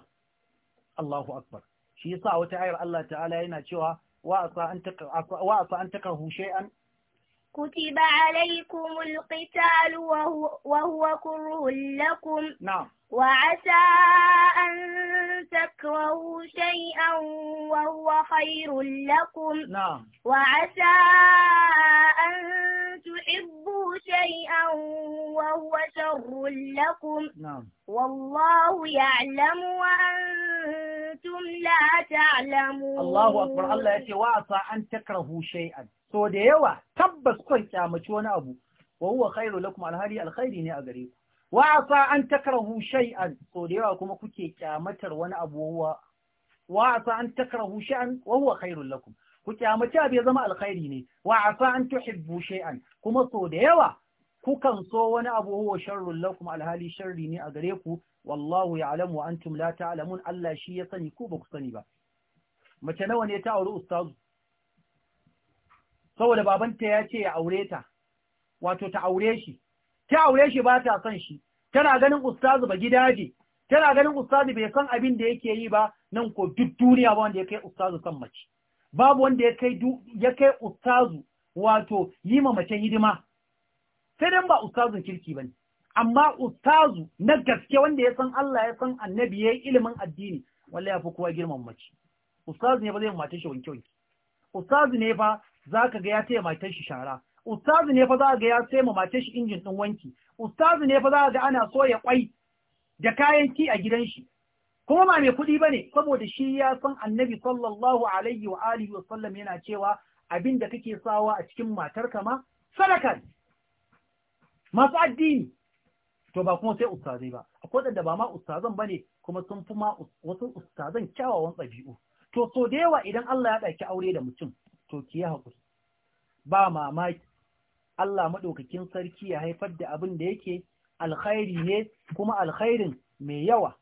Allahu akbar shi yasa wata ayar Allah ta'ala yana cewa wa asa an taka wa asa an taka shay'an كتب عليكم القتال وهو, وهو wa لكم تكرهوا شيئا وهو خير لكم نعم وعسى أن تحبوا شيئا وهو شر لكم نعم والله يعلم وأنتم لا تعلمون الله أكبر الله يتواصى وعسى أن تكرهوا شيئا سودي da yawa tabbas يا مشون أبو وهو خير لكم على هذه الخير يا ne wa asa an takrahu shay'an so da yawa kuma kuke kyamatar wani abu wa asa an takrahu shay'an wa huwa khairul lakum ku kyamaci abu ya zama alkhairi ne wa asa an tuhibbu shay'an kuma so da yawa kukan so wani abu huwa sharrul lakum alhali sharri ne a gare ku wallahu ya'lamu wa antum la ta'lamun Allah shi ya sani ku ba ku sani ba mace nawa ne ta aure ustazu saboda babanta ya ce ya aure ta wato ta aure shi ta aure shi ba ta son shi tana ganin ustazu ba gida gidaje tana ganin ustazu bai san abin da yake yi ba nan ko duk duniya ba wanda ya kai ustazu san mace babu wanda ya kai ustazu wato yi ma mace hidima sai dan ba ustazun kirki ba ne. amma ustazu na gaske wanda ya san Allah ya san annabi ya yi ilimin addini wallahi ya fi kowa girman mace ustazu ne ba zai mace shi wanke wanke ustazu ne fa zaka ga ya taya matar shi shara ustazu ne fa za ga ya sai mu mace shi injin din wanki ustazu ne fa za ga ana soya kwai da kayan ki a gidan shi kuma ma mai kuɗi bane saboda shi ya san annabi sallallahu alaihi wa alihi wa sallam yana cewa abin da kake sawa a cikin matar ka ma sadaka masu addini to ba kuma sai ustazai ba akwai wanda ba ma ustazan bane kuma sun fi ma wasu ustazan kyawawan ɗabi'u to so da yawa idan Allah ya ɗauki aure da mutum to ki yi haƙuri ba mamaki Allah maɗaukakin sarki ya haifar da abin da yake alkhairi ne kuma alkhairin mai yawa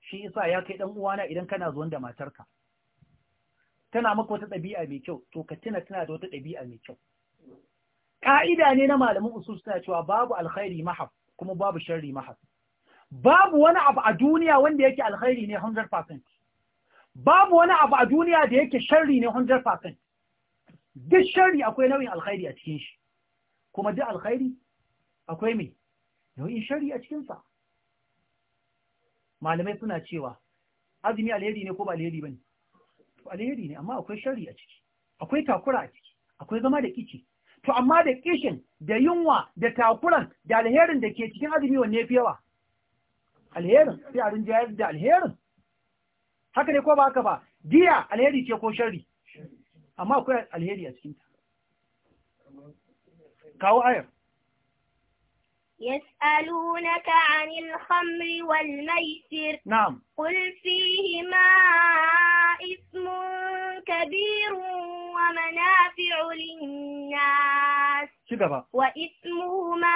shi isa ya kai ɗan uwana idan kana zuwan da matarka tana maka wata ɗabi'a mai kyau to ka tuna tana da wata ɗabi'a mai kyau ka'ida ne na malamin usul suna cewa babu alkhairi mahaf kuma babu sharri mahaf babu wani abu a duniya wanda yake alkhairi ne 100% babu wani abu a duniya da yake sharri ne 100% duk sharri akwai nau'in alkhairi a cikin shi kuma duk alkhairi akwai mai nau'in shari a cikinsa malamai suna cewa azumi alheri ne ko ba alheri ba ne alheri ne amma akwai shari a ciki akwai takura a ciki akwai zama da kici to amma da kishin da yunwa da takuran da alherin da ke cikin azumi wanne fi yawa alherin sai a rinjayar da alherin haka ne ko ba haka ba giya alheri ce ko shari amma akwai alheri a cikinta قاو ayar آية. يسألونك عن الخمر والميسر نعم قل فيهما إثم كبير ومنافع للناس شبابا. وإثمهما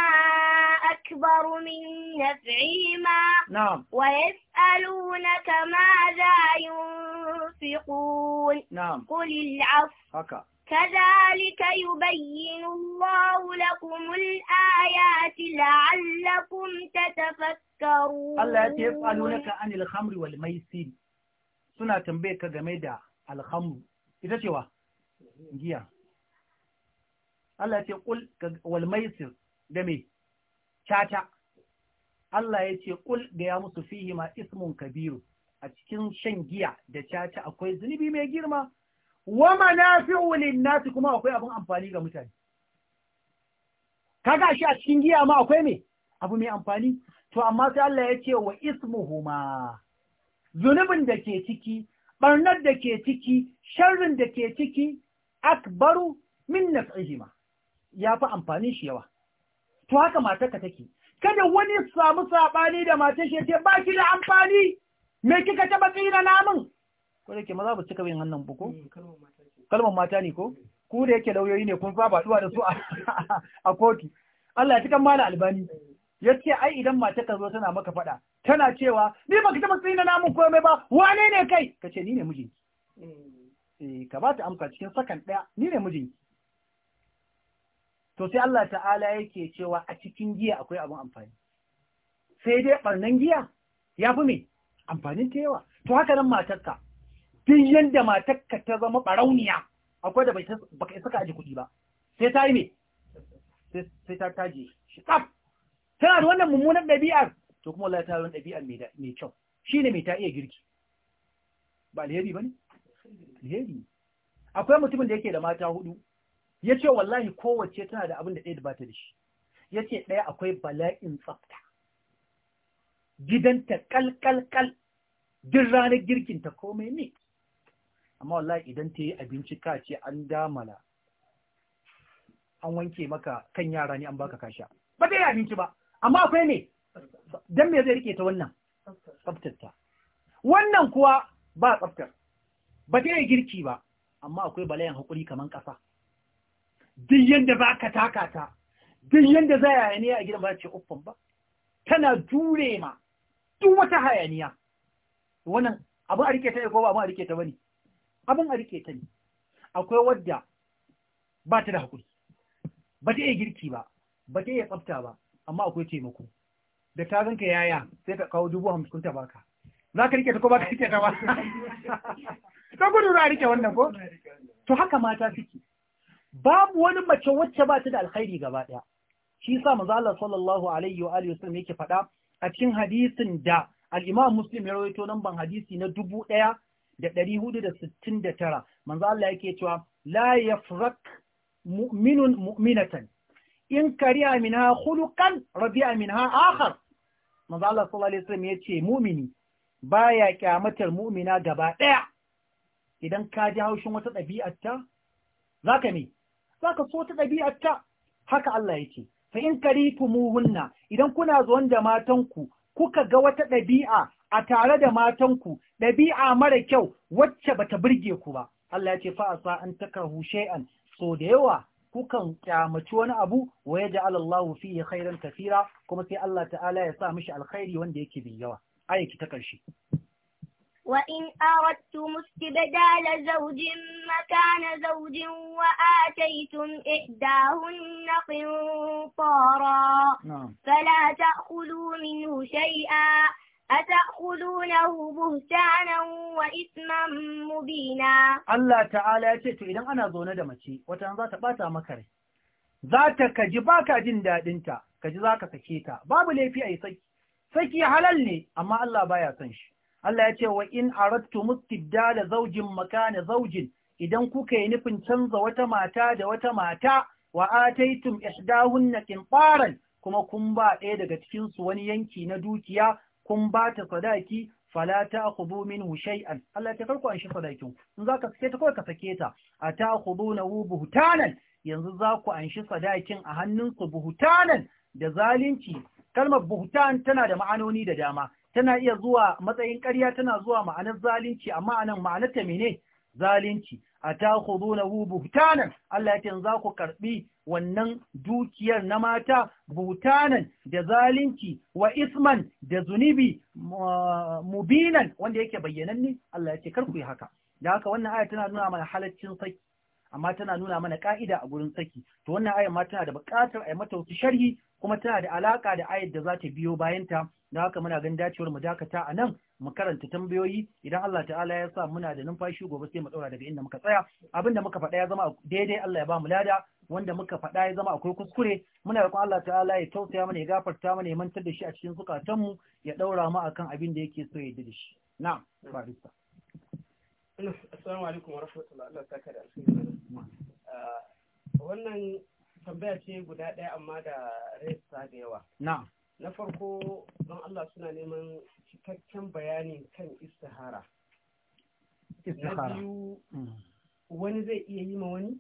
أكبر من نفعهما نعم ويسألونك ماذا ينفقون نعم قل العفو كذلك يبين الله لكم الآيات لعلكم تتفكرون الله يسألونك عن الخمر والميسر سنة تنبيك جميدة الخمر إذا شوى جيا الله يقول والميسر دمي شاتا Allah ya ce, Ƙul gaya musu fihima ismun kabiru, a cikin shan giya da caca akwai zunubi mai girma, wa manafi'u lin-nasi kuma akwai abun amfani ga mutane kaga shi a cikin giya ma akwai me abu mai amfani to amma sai Allah ya ce wa ismuhuma zunubin da ke ciki barnar da ke ciki sharrin da ke ciki akbaru min naf'ihima ya fi amfanin shi yawa to haka ka take kada wani samu sabani da matar shi ce ba ki da amfani me kika taba tsina namun ko da ke maza ba cika yin hannun ba ko eh, kalmar mata ne ko ku da yake lauyoyi ne kun fa duwa da su a kotu Allah ya cikan mala albani ya ce ai idan mata ka zo tana maka faɗa tana cewa ni baka ta tsina na mun komai ba wane ne kai ka ce ni ne miji eh. eh ka ba ta amsa cikin sakan ɗaya ni ne miji to sai Allah ta'ala yake cewa a cikin giya akwai abin amfani sai dai barnan giya ya fi me amfanin ta yawa to haka nan matarka duk yanda matakka ta zama barauniya akwai da bai baka saka aji kuɗi ba sai ta yi me sai ta taje shi tsaf tana da wannan mummunan ɗabi'ar to kuma wallahi ta yi wani ɗabi'ar mai kyau Shi ne mai ta iya girki ba alheri ba ne? alheri akwai mutumin da yake da mata hudu ya ce wallahi kowace tana da abin da ɗaya da ba ta da shi ya ce ɗaya akwai bala'in tsafta gidanta kalkalkal din ranar girkinta komai ne amma wallahi idan ta yi abinci ka ce an damala an wanke maka kan yara ne an baka kasha ba ta yi abinci ba amma akwai ne don me zai rike ta wannan ta. wannan kuwa ba tsaftar ba ta yi girki ba amma akwai balayan haƙuri kamar ƙasa duk yadda za ka taka ta duk yadda za a hayaniya a gidan ba ce uffan ba tana jure ma duk wata hayaniya wannan abu a rike ta ko ba abu a rike ta bane abin a rike ta ne akwai wadda ba ta da haƙuri ba ta iya girki ba ba ta iya tsafta ba amma akwai taimako da ta zanka yaya sai ka kawo dubu hamsin ta baka za ka rike ta ko ba ka rike ta ba ta gudu na a rike wannan ko to haka mata suke babu wani mace wacce ba ta da alkhairi gaba ɗaya shi sa maza Allah sallallahu alaihi wa alihi wasallam yake faɗa a cikin hadisin da al-Imam Muslim ya rawaito nan ban hadisi na dubu ɗaya da ɗari hudu da sittin da tara manzo Allah yake cewa la yafrak mu'minun mu'minatan in kariya minha khuluqan rabi'a minha akhar manzo Allah sallallahu alaihi wasallam yace mu'mini baya kyamatar mu'mina gaba daya idan ka ji haushin wata ɗabi'arta zaka me zaka so ta ɗabi'arta haka Allah yake fa in karifumuhunna idan kuna zuwan da matanku kuka ga wata ɗabi'a a tare da matanku ɗabi'a mara kyau wacce bata burge ku ba Allah ya ce fa'asa an taka hushe'an. so da yawa kukan kyamaci wani abu wa ya ja'ala Allahu fihi khairan kuma sai Allah ta'ala ya sa mishi alkhairi wanda yake bi yawa ayaki ta karshe وإن zaujin استبدال زوج مكان زوج وآتيتم إحداهن قنطارا فلا تأخذوا منه شيئا أتأخذونه بهتانا وإثما مبينا الله تعالى يتيتو إذن أنا زونة دمتي kaji باتا مكري ذات كجباك جندا دنتا كجزاك سكيتا باب لي في أي سكي سكي حللني أما الله بايا تنش Allah ya ce wa in da zaujin zawjin makana zaujin idan kuka yi nufin canza wata mata da wata mata wa ataitum ihdahunna qintaran kuma kun ba ɗaya daga cikin su wani yanki na dukiya kun ba ta sadaki fala ta khudu minhu shay'an Allah ta karku an shi sadakin in zaka sake ta kawai ka sake ta a ta khudunahu buhutanan, yanzu za ku an shi sadakin a hannunsu buhutanan da zalunci kalmar buhutan tana da ma'anoni da dama tana iya zuwa matsayin ƙarya tana zuwa ma'anar zalunci amma anan ma'anar ta mene zalunci atakhudunahu buhtanan Allah yake za ku karbi wannan dukiyar na mata buhtanan da zalunci wa isman da zunubi mubinan wanda yake bayyananne Allah yake kar ku yi haka da haka wannan aya tana nuna mana halaccin saki amma tana nuna mana ka'ida a gurin saki to wannan aya ma tana da buƙatar a yi mata wasu sharhi kuma tana da alaka da ayat da za ta biyo bayanta da haka muna gan dacewar mu dakata a nan mu karanta tambayoyi idan Allah ta'ala ya sa muna da numfashi gobe sai mu daura daga inda muka tsaya abinda muka faɗa ya zama daidai Allah ya ba mu lada wanda muka faɗa ya zama akwai kuskure muna roƙon Allah ta'ala ya tausaya mana ya gafarta mana ya mantar da shi a cikin zukatan mu ya daura mu akan abin da yake so ya yi da shi na'am barista assalamu alaikum wa rahmatullahi Allah ta kada alkhairi ah, wannan tambaya ce guda ɗaya amma da resa da yawa na farko don Allah suna neman cikakken bayani kan istihara na biyu mm. wani zai iya yi ma wani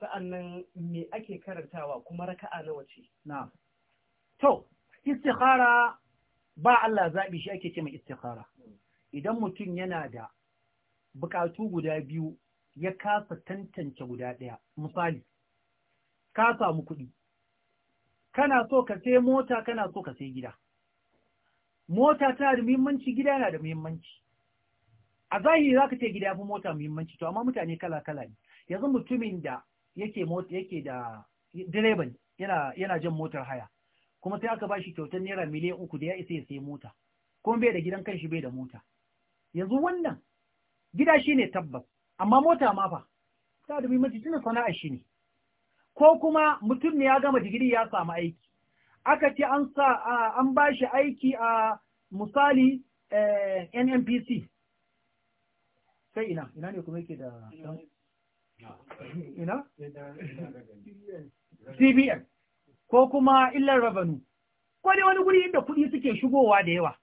sa'annan me ake karantawa kuma raka'a nawa ce na'am to istihara ba Allah zaɓi shi ake ce mai istihara. idan mutum yana da bukatu guda biyu ya kasa tantance guda ɗaya misali ka samu kuɗi kana so ka sai mota kana so ka sai gida mota tana da muhimmanci gida yana da muhimmanci a zahiri za ka ce gida fi mota muhimmanci to amma mutane kala-kala ne yanzu mutumin da yake mota da direban yana yana jan motar haya kuma sai aka bashi kyautar naira miliyan uku da ya isa ya sai mota kuma bai da gidan kanshi bai da mota yanzu wannan gida shi ne tabbas amma mota ma fa ta da muhimmanci tuna sana'a shi ne ko kuma mutum ne ya gama digiri ya samu aiki aka ce an sa an ba shi aiki a misali eh, nnpc sai ina ina ne kuma yake da ina cbn ko kuma illar rabanu ko dai wani guri inda kuɗi suke shigowa da yawa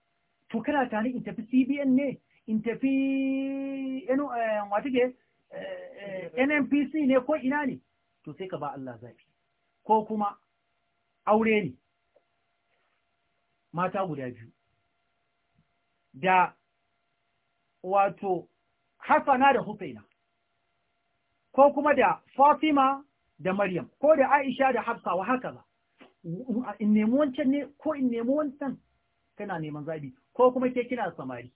to kana tare in tafi cbn ne in tafi eh, wata ke eh, nnpc ne ko ina ne to sai ka ba Allah zafi ko kuma aure ne mata guda biyu da wato Hassana da Husaina ko kuma da Fatima da Maryam ko da Aisha da Hafsa wa haka ba in nemi wancan ne ko in nemi wancan kana neman zabi ko kuma ke kina samari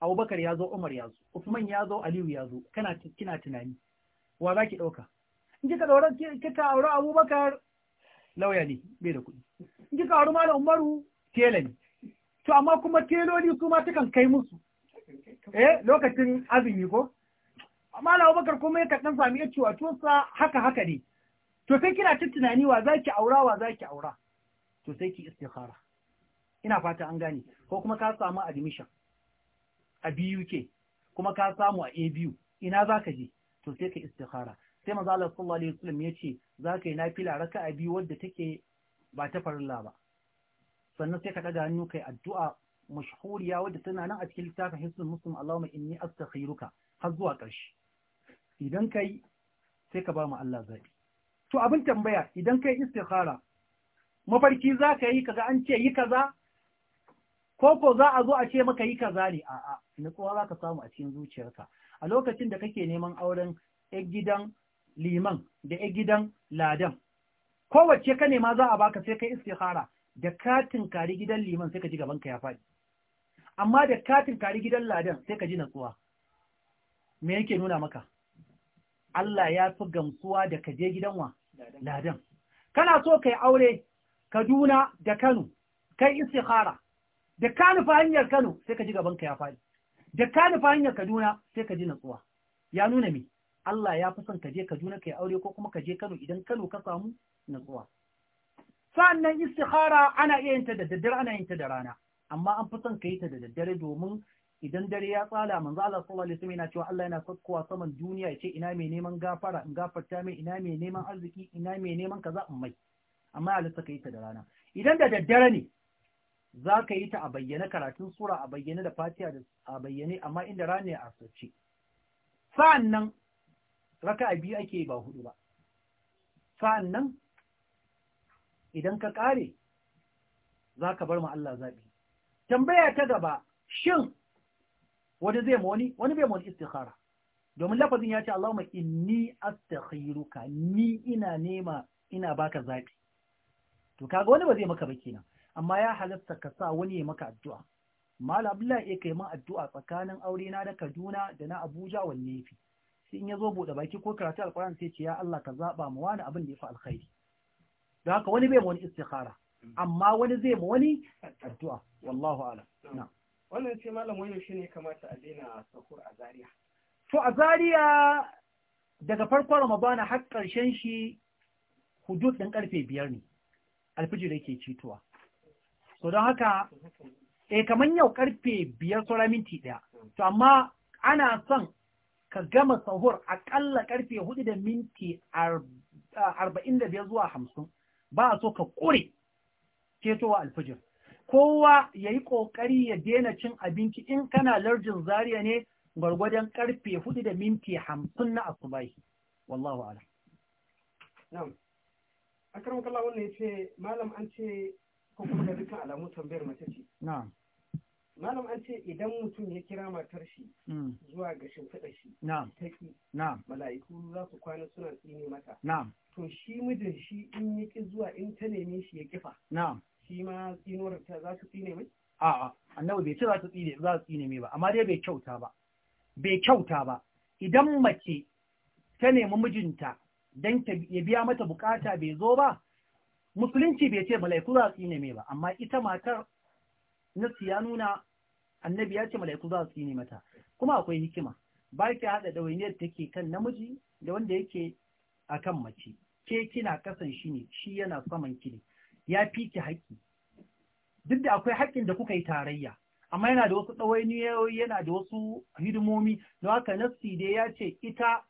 Abubakar ya zo Umar ya zo Usman ya zo Aliyu ya zo kana kina tunani wa zaki ɗauka? in kika daura ka aure Abubakar lauya ne bai da kuɗi in kika aure Malam Umaru tela ne to amma kuma teloli kuma kan kai musu eh lokacin azumi ko amma Malam Abubakar kuma ya kaɗan sami ya wato. sa haka haka ne to sai kina ta tunani wa zaki aura wa zaki aura to sai ki istikhara ina fata an gane ko kuma ka samu admission a BUK kuma ka samu a ABU ina zaka je to sai ka istikhara sai manzo Allah sallallahu alaihi wasallam yace zaka yi nafila raka'a biyu wadda take ba ta farilla ba sannan sai ka daga hannu kai addu'a mashhuriya wadda tana nan a cikin littafin Hisnul Muslim Allahumma inni astakhiruka har zuwa ƙarshe idan kai sai ka ba mu Allah zabi to abin tambaya idan kai istikhara mafarki zaka yi kaga an ce yi kaza ko za a zo a ce maka yi kaza ne a'a nutsuwa zaka samu a cikin zuciyarka a lokacin da kake neman auren 'yan gidan liman da ya gidan ladan kowace ka nema za a baka sai kai istikhara da katin kari gidan liman sai ka ji gabanka ya faɗi amma da katin kari gidan ladan sai ka ji natsuwa me yake nuna maka Allah ya fi gamsuwa da ka je gidan wa ladan kana so kai aure Kaduna da Kano kai istikhara da ka nufa hanyar Kano sai ka ji gabanka ya faɗi da ka nufa hanyar Kaduna sai ka ji natsuwa ya nuna me Allah ya fi son ka je Kaduna kai aure ko kuma ka je Kano idan Kano ka samu natsuwa sannan istikhara ana iya yin ta da daddare ana yin ta da rana amma an fi son ka yi ta da daddare domin idan dare ya tsala manzo Allah sallallahu alaihi wasallam yana cewa Allah yana sakkowa saman duniya ya ce ina mai neman gafara in gafarta mai ina mai neman arziki ina mai neman kaza in mai amma ya lissa yi ta da rana idan da daddare ne za ka yi ta a bayyane karatun sura a bayyane da fatiha da a bayyane amma inda rana ya Sa'an sa'annan raka biyu ake ba hudu ba sa'an nan idan ka kare za ka bar ma Allah zaɓi tambaya ta gaba shin wani zai ma wani wani bai ma istikhara domin lafazin ya ce Allahumma inni astakhiruka ni ina nema ina baka zaɓi to kaga wani ba zai maka ba kenan amma ya halatta ka sa wani ya maka addu'a Malam Abdullahi ya kai min addu'a tsakanin aure na da Kaduna da na Abuja wanne yafi sai in ya zo bude baki ko karatu alquran sai ce ya Allah ka zaba mu wani abin da ya fi alkhairi da haka wani bai ma wani istikhara amma wani zai ma wani addu'a wallahu alam na'am wannan sai malam wani shine kamata a daina sakur a Zariya. to a Zariya daga farkon ramadana har karshen shi hudud ɗin ƙarfe biyar ne alfijir yake citowa so don haka eh kaman yau ƙarfe biyar saura minti ɗaya to amma ana son ka gama sahur ƙalla ƙarfe hudu da minti ah, arba'in da biyar zuwa hamsin ba a so ka ƙure ketowa alfijir kowa ya yi ƙoƙari ya daina cin abinci in kana larjin zariya ne gwargwadon ƙarfe hudu da minti hamsin na asubahi wallahu ala na'am akram wani wannan ce malam an ce ko kuma dukkan alamu tambayar mace ce na'am malam an ce idan mutum ya kira matar shi hmm. zuwa ga shimfiɗa shi ƙi mala'iku za su kwana suna tsini mata to shi mijin shi in ya ƙi zuwa in ta neme shi ya kifa shi ma tsinuwar ta za su tsine mai a'a annabi bai ce za su tsine za su tsine mai ba amma dai bai kyauta ba bai kyauta ba idan mace ta nemi mijinta dan ya biya mata bukata bai zo ba musulunci bai ce mala'iku za su tsine mai ba amma ita matar nasi ya nuna annabi ya ce mala'iku za su yi mata kuma akwai hikima ba ki haɗa ɗawainiyar da take kan namiji da wanda yake a kan mace ke kina kasan shi ne shi yana saman kini. ya fi ki haƙƙi duk da akwai haƙƙin da kuka yi tarayya amma yana da wasu ɗawainiyoyi yana da wasu hidimomi Na haka nasi dai ya ce ita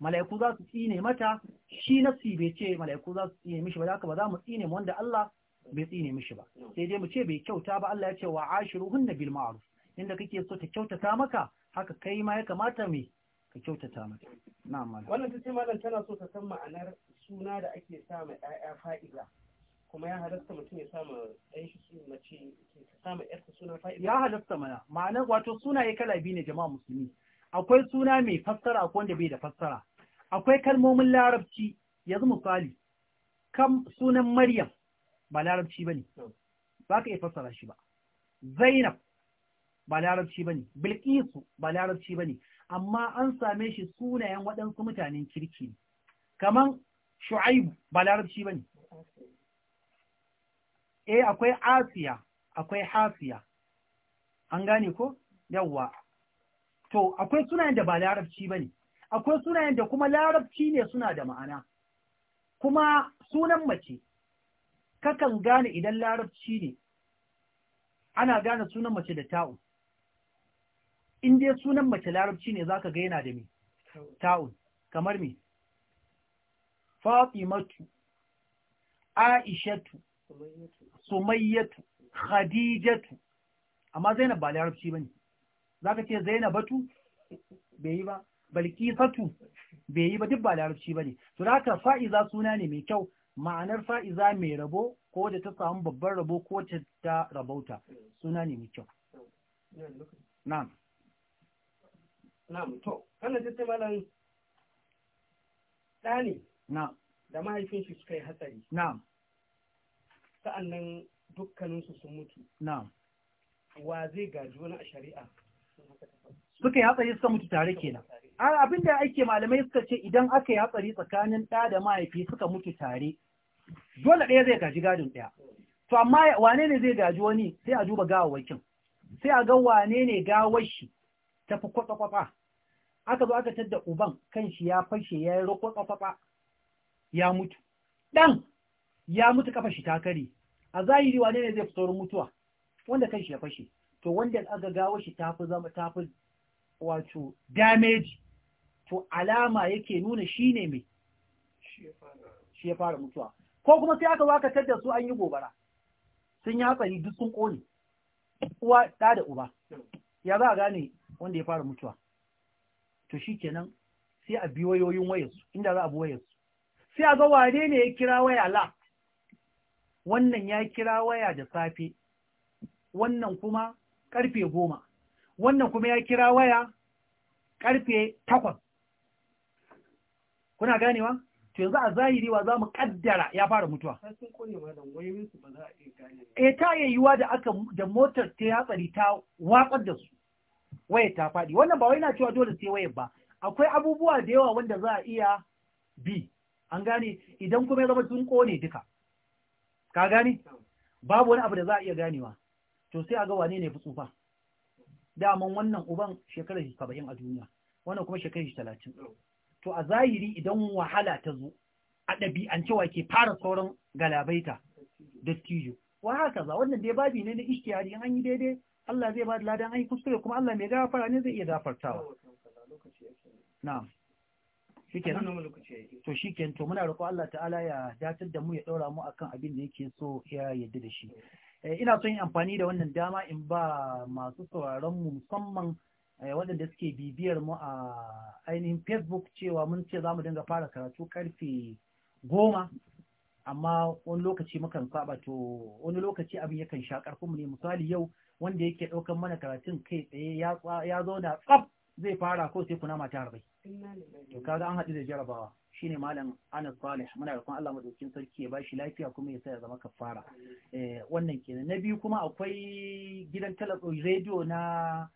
mala'iku za su tsine mata shi nasi bai ce mala'iku za su tsine mishi ba haka ba za mu tsine wanda Allah bai tsine mishi ba sai dai mu ce bai kyauta ba Allah ya ce wa ashiruhunna bil ma'ruf inda kake so ta kyautata maka haka kai ma ya kamata mai ka kyautata mata na'am malam wannan tace malam tana so ta san ma'anar suna da ake sa ma ƴaƴa fa'iza kuma ya halasta mutum ya ma ɗan shi su mace ta sama ƴarsa suna fa'iza ya halasta mana ma'anar wato sunaye kala biyu ne jama'a musulmi akwai suna mai fassara akwai wanda bai da fassara akwai kalmomin larabci yanzu misali kam sunan maryam ba larabci ba ne, ba ka iya fassara shi ba. Zainab ba larabci ba ne, Bilkisu ba larabci ba ne, amma an same shi sunayen waɗansu mutanen kirki ne, kaman Shu'aibu ba larabci ba ne. Eh akwai Asiya, akwai Hasiya, an gane ko? Yawwa. To, akwai sunayen da ba larabci ba ne, akwai sunayen da kuma larabci ne suna da ma'ana, kuma sunan mace. kakan gane idan larabci ne ana gane sunan mace da ta'un in dai sunan mace larabci ne zaka ga yana da me ta'un kamar me Fatimatu Aishatu Sumayyatu Khadijatu amma Zainab ba larabci bane zaka ce Zainabatu bai yi ba Balkisatu bai yi ba duk ba larabci bane to haka fa'iza suna ne mai kyau ma'anar fa'iza mai rabo ko da ta samu babban rabo ko ta rabauta suna ne mai kyau Na na'am to kanan ta ce malam ɗani da mahaifin shi suka yi hatsari Sa’an sa'annan dukkaninsu sun mutu na'am wa zai gaji wani a shari'a sun haka ta suka yi hatsari suka mutu tare kenan abin da ake malamai suka ce idan aka yi hatsari tsakanin ɗa da mahaifi suka mutu tare dole ɗaya zai gaji gadin ɗaya to amma wane ne zai gaji wani sai a duba gawawakin sai a ga wane ne gawar shi ta fi kwatsa-kwatsa aka zo aka tadda uban kan shi ya fashe ya yi rokwatsa-kwatsa ya mutu ɗan ya mutu kafa shi ta kare a zahiri wane ne zai fi saurin mutuwa wanda kan shi ya fashe to wanda aka gawo shi ta fi zama ta fi wato damage to alama yake nuna shi ne mai shi ya fara mutuwa ko kuma sai aka wakatar da su an yi gobara sun yi hatsari duk sun ƙone uwa ta da uba ya za a gane wanda ya fara mutuwa to shi kenan sai a bi wayoyin wayarsu inda za a bi wayarsu sai a ga wane ne ya kira waya la wannan ya kira waya da safe wannan kuma karfe goma wannan kuma ya kira waya karfe takwas kuna ganewa to yanzu a zahiri wa za mu kaddara ya fara mutuwa e ta yayyuwa da aka da motar ta hatsari ta watsar da su waya ta faɗi wannan ba wai na cewa dole sai wayar ba akwai abubuwa da yawa wanda za a iya bi an gane idan kuma ya zama sun kone duka ka gane babu wani abu da za a iya ganewa to sai a ga wane ne fi tsufa daman wannan uban shekarar a duniya wannan kuma shekarar talatin to a zahiri idan wahala ta zo a ɗabi'ance wa ke fara sauran galabaita dattijo wa haka za wannan dai babi ne na ishtiyari an yi daidai Allah zai ba da ladan an yi kuskure kuma Allah mai gafara ne zai iya gafartawa na'am shikenan to shikenan to muna roƙo Allah ta'ala ya datar da mu ya ɗaura mu akan abin da yake so ya yadda da shi Eh, ina son yin amfani da wannan dama in ba masu sauraron mu musamman eh, waɗanda suke bibiyar mu a ainihin facebook cewa mun ce za mu dinga fara karatu karfe goma amma wani lokaci mukan saba to wani lokaci abin yakan sha karfin mu ne misali yau wanda yake ɗaukar mana karatun kai tsaye ya zauna tsaf zai fara ko sai kuna mata harbai to kaga an haɗu da jarabawa shine malam Anas Salih muna roƙon Allah madaukakin sarki ya bashi lafiya kuma ya sa ya zama kafara eh wannan kenan na biyu kuma akwai gidan talabijin radio na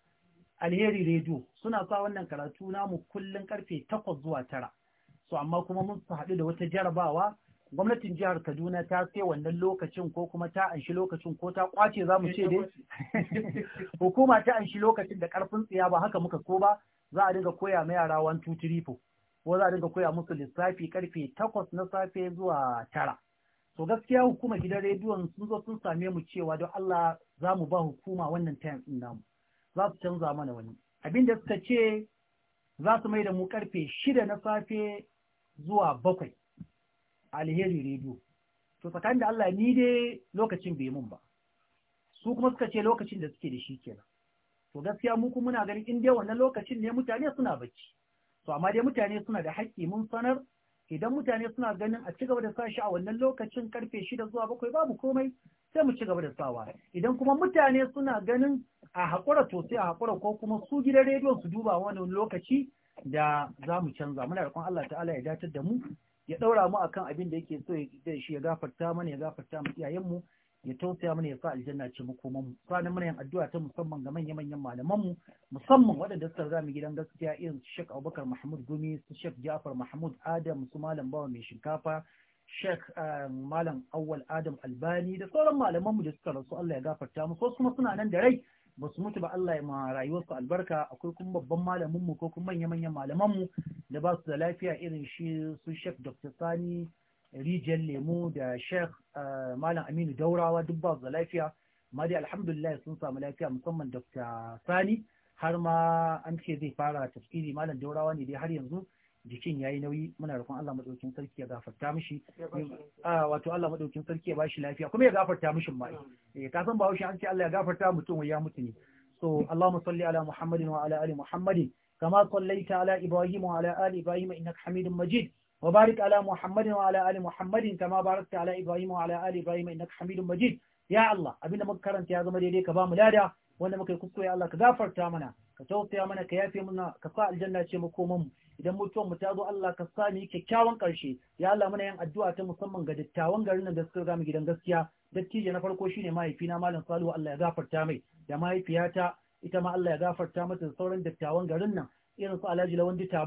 Alheri Radio suna sa wannan karatu namu kullun karfe 8 zuwa 9 so amma kuma mun su haɗu da wata jarabawa gwamnatin jihar Kaduna ta sai wannan lokacin ko kuma ta anshi lokacin ko ta kwace zamu ce dai eh, hukuma ta anshi lokacin da karfin tsiya ba haka muka ko ba za a dinga koya ma yara 1 2 3 4 ko za a dinga koya musu lissafi karfe takwas na safe zuwa tara to gaskiya hukuma gidan rediyon sun zo sun same mu cewa don Allah za mu ba hukuma wannan tayan din namu za su canza mana wani abin da suka ce za su mai da mu karfe shida na safe zuwa bakwai alheri rediyo to tsakanin da Allah ni dai lokacin bai mun ba su kuma suka ce lokacin da suke da shi kenan to gaskiya mu kuma muna ganin in dai wannan lokacin ne mutane suna bacci to amma dai mutane suna da haƙƙi mun sanar idan mutane suna ganin a cigaba da sashi a wannan lokacin karfe shida zuwa bakwai babu komai sai mu cigaba da sawa idan kuma mutane suna ganin a haƙura to sai a haƙura ko kuma su gidan rediyon su duba wani lokaci da za mu canza muna roƙon Allah ta'ala ya datar da mu ya ɗaura mu akan abin da yake so ya shi ya gafarta mana ya gafarta mu mu ya tausaya mana ya sa aljanna ce makoman mu kwanan muna yin addu'a ta musamman ga manyan manyan malaman mu musamman waɗanda suka zama mu gidan gaskiya irin su Sheikh Abubakar Mahmud Gumi su Sheikh Jafar Mahmud Adam su Malam Bawa mai shinkafa Sheikh um, Malam Awwal Adam Albani da sauran malaman mu da suka rasu Allah ya gafarta mu ko kuma suna nan da rai ba su mutu ba Allah ya ma rayuwarsu albarka akwai kuma babban malamin mu ko kuma manya manyan malaman mu da ba su da lafiya irin shi su Sheikh Dr. Sani rijiyar lemo da sheikh eh, malam aminu daurawa duk ba da lafiya amma dai alhamdulillah sun samu lafiya musamman dr sani har ma an ce zai fara tafsiri malam daurawa ne dai har yanzu jikin ya yi nauyi muna rufin Allah maɗaukin sarki ya gafarta mishi ah, wato Allah maɗaukin sarki ya ba shi lafiya kuma ya gafarta mishi ma eh, ka san bahaushe an ce Allah ya gafarta mutum ya mutu ne so Allahumma salli ala Muhammadin wa ala ali Muhammadin kama sallaita ala Ibrahim wa ala ali Ibrahim innaka Hamidum Majid وبارك على محمد وعلى آل محمد كما باركت على إبراهيم وعلى آل إبراهيم إنك حميد مجيد يا الله أبينا مكرن يا زمر يديك بام لادا وانا مكي كسو يا الله كذافر تامنا كتوفي أمنا كيافي منا كفاء الجنة شمكومم idan mutuwan mu ta zo Allah ka sa mu kyakkyawan karshe ya Allah muna yin addu'a ta musamman ga dattawan garin nan da suka ga mu gidan gaskiya dattijo na farko shine mahaifina malam Salihu Allah ya gafarta mai da mahaifiyata ita ma Allah ya gafarta mata da sauran dattawan garin nan irin su Alhaji Lawan Dita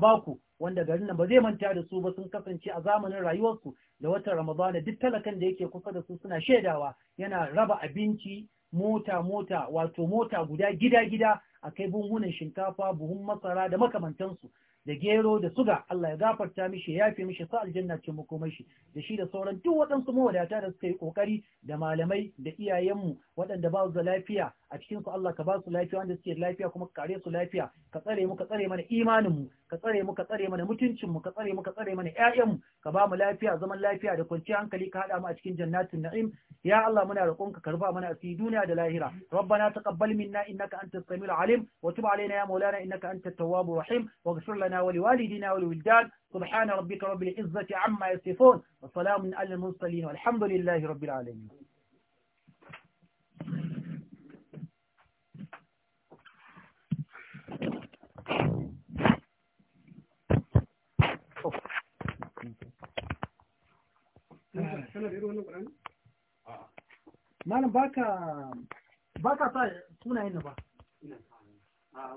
wanda garin nan ba zai manta da su ba sun kasance a zamanin rayuwarsu da watan Ramadana duk talakan da yake kusa da su suna shaidawa yana raba abinci mota mota wato mota guda gida gida a kai buhunan shinkafa buhun masara da makamantansu da gero da suga Allah ya gafarta mishi ya yafe mishi sa aljanna ce makomai shi da shi da sauran duk waɗansu mawadata da suka yi kokari da malamai da iyayenmu waɗanda ba su da lafiya a cikin Allah ka ba su lafiya wanda suke lafiya kuma ka kare su lafiya ka tsare mu ka tsare mana imanin mu ka tsare mu ka tsare mana mutuncin mu ka tsare mu ka tsare mana ƴaƴan mu ka ba mu lafiya zaman lafiya da kwanciyar hankali ka hada mu a cikin jannatin na'im ya Allah muna roƙonka karba mana asiri duniya da lahira rabbana taqabbal minna innaka antas samiul alim wa tub alaina ya maulana innaka antat tawwabur rahim waghfir lana لنا ولوالدنا ولولدان سبحان ربك رب العزة عما يصفون وسلام على المرسلين والحمد لله رب العالمين Malam baka طيب sa هنا بقى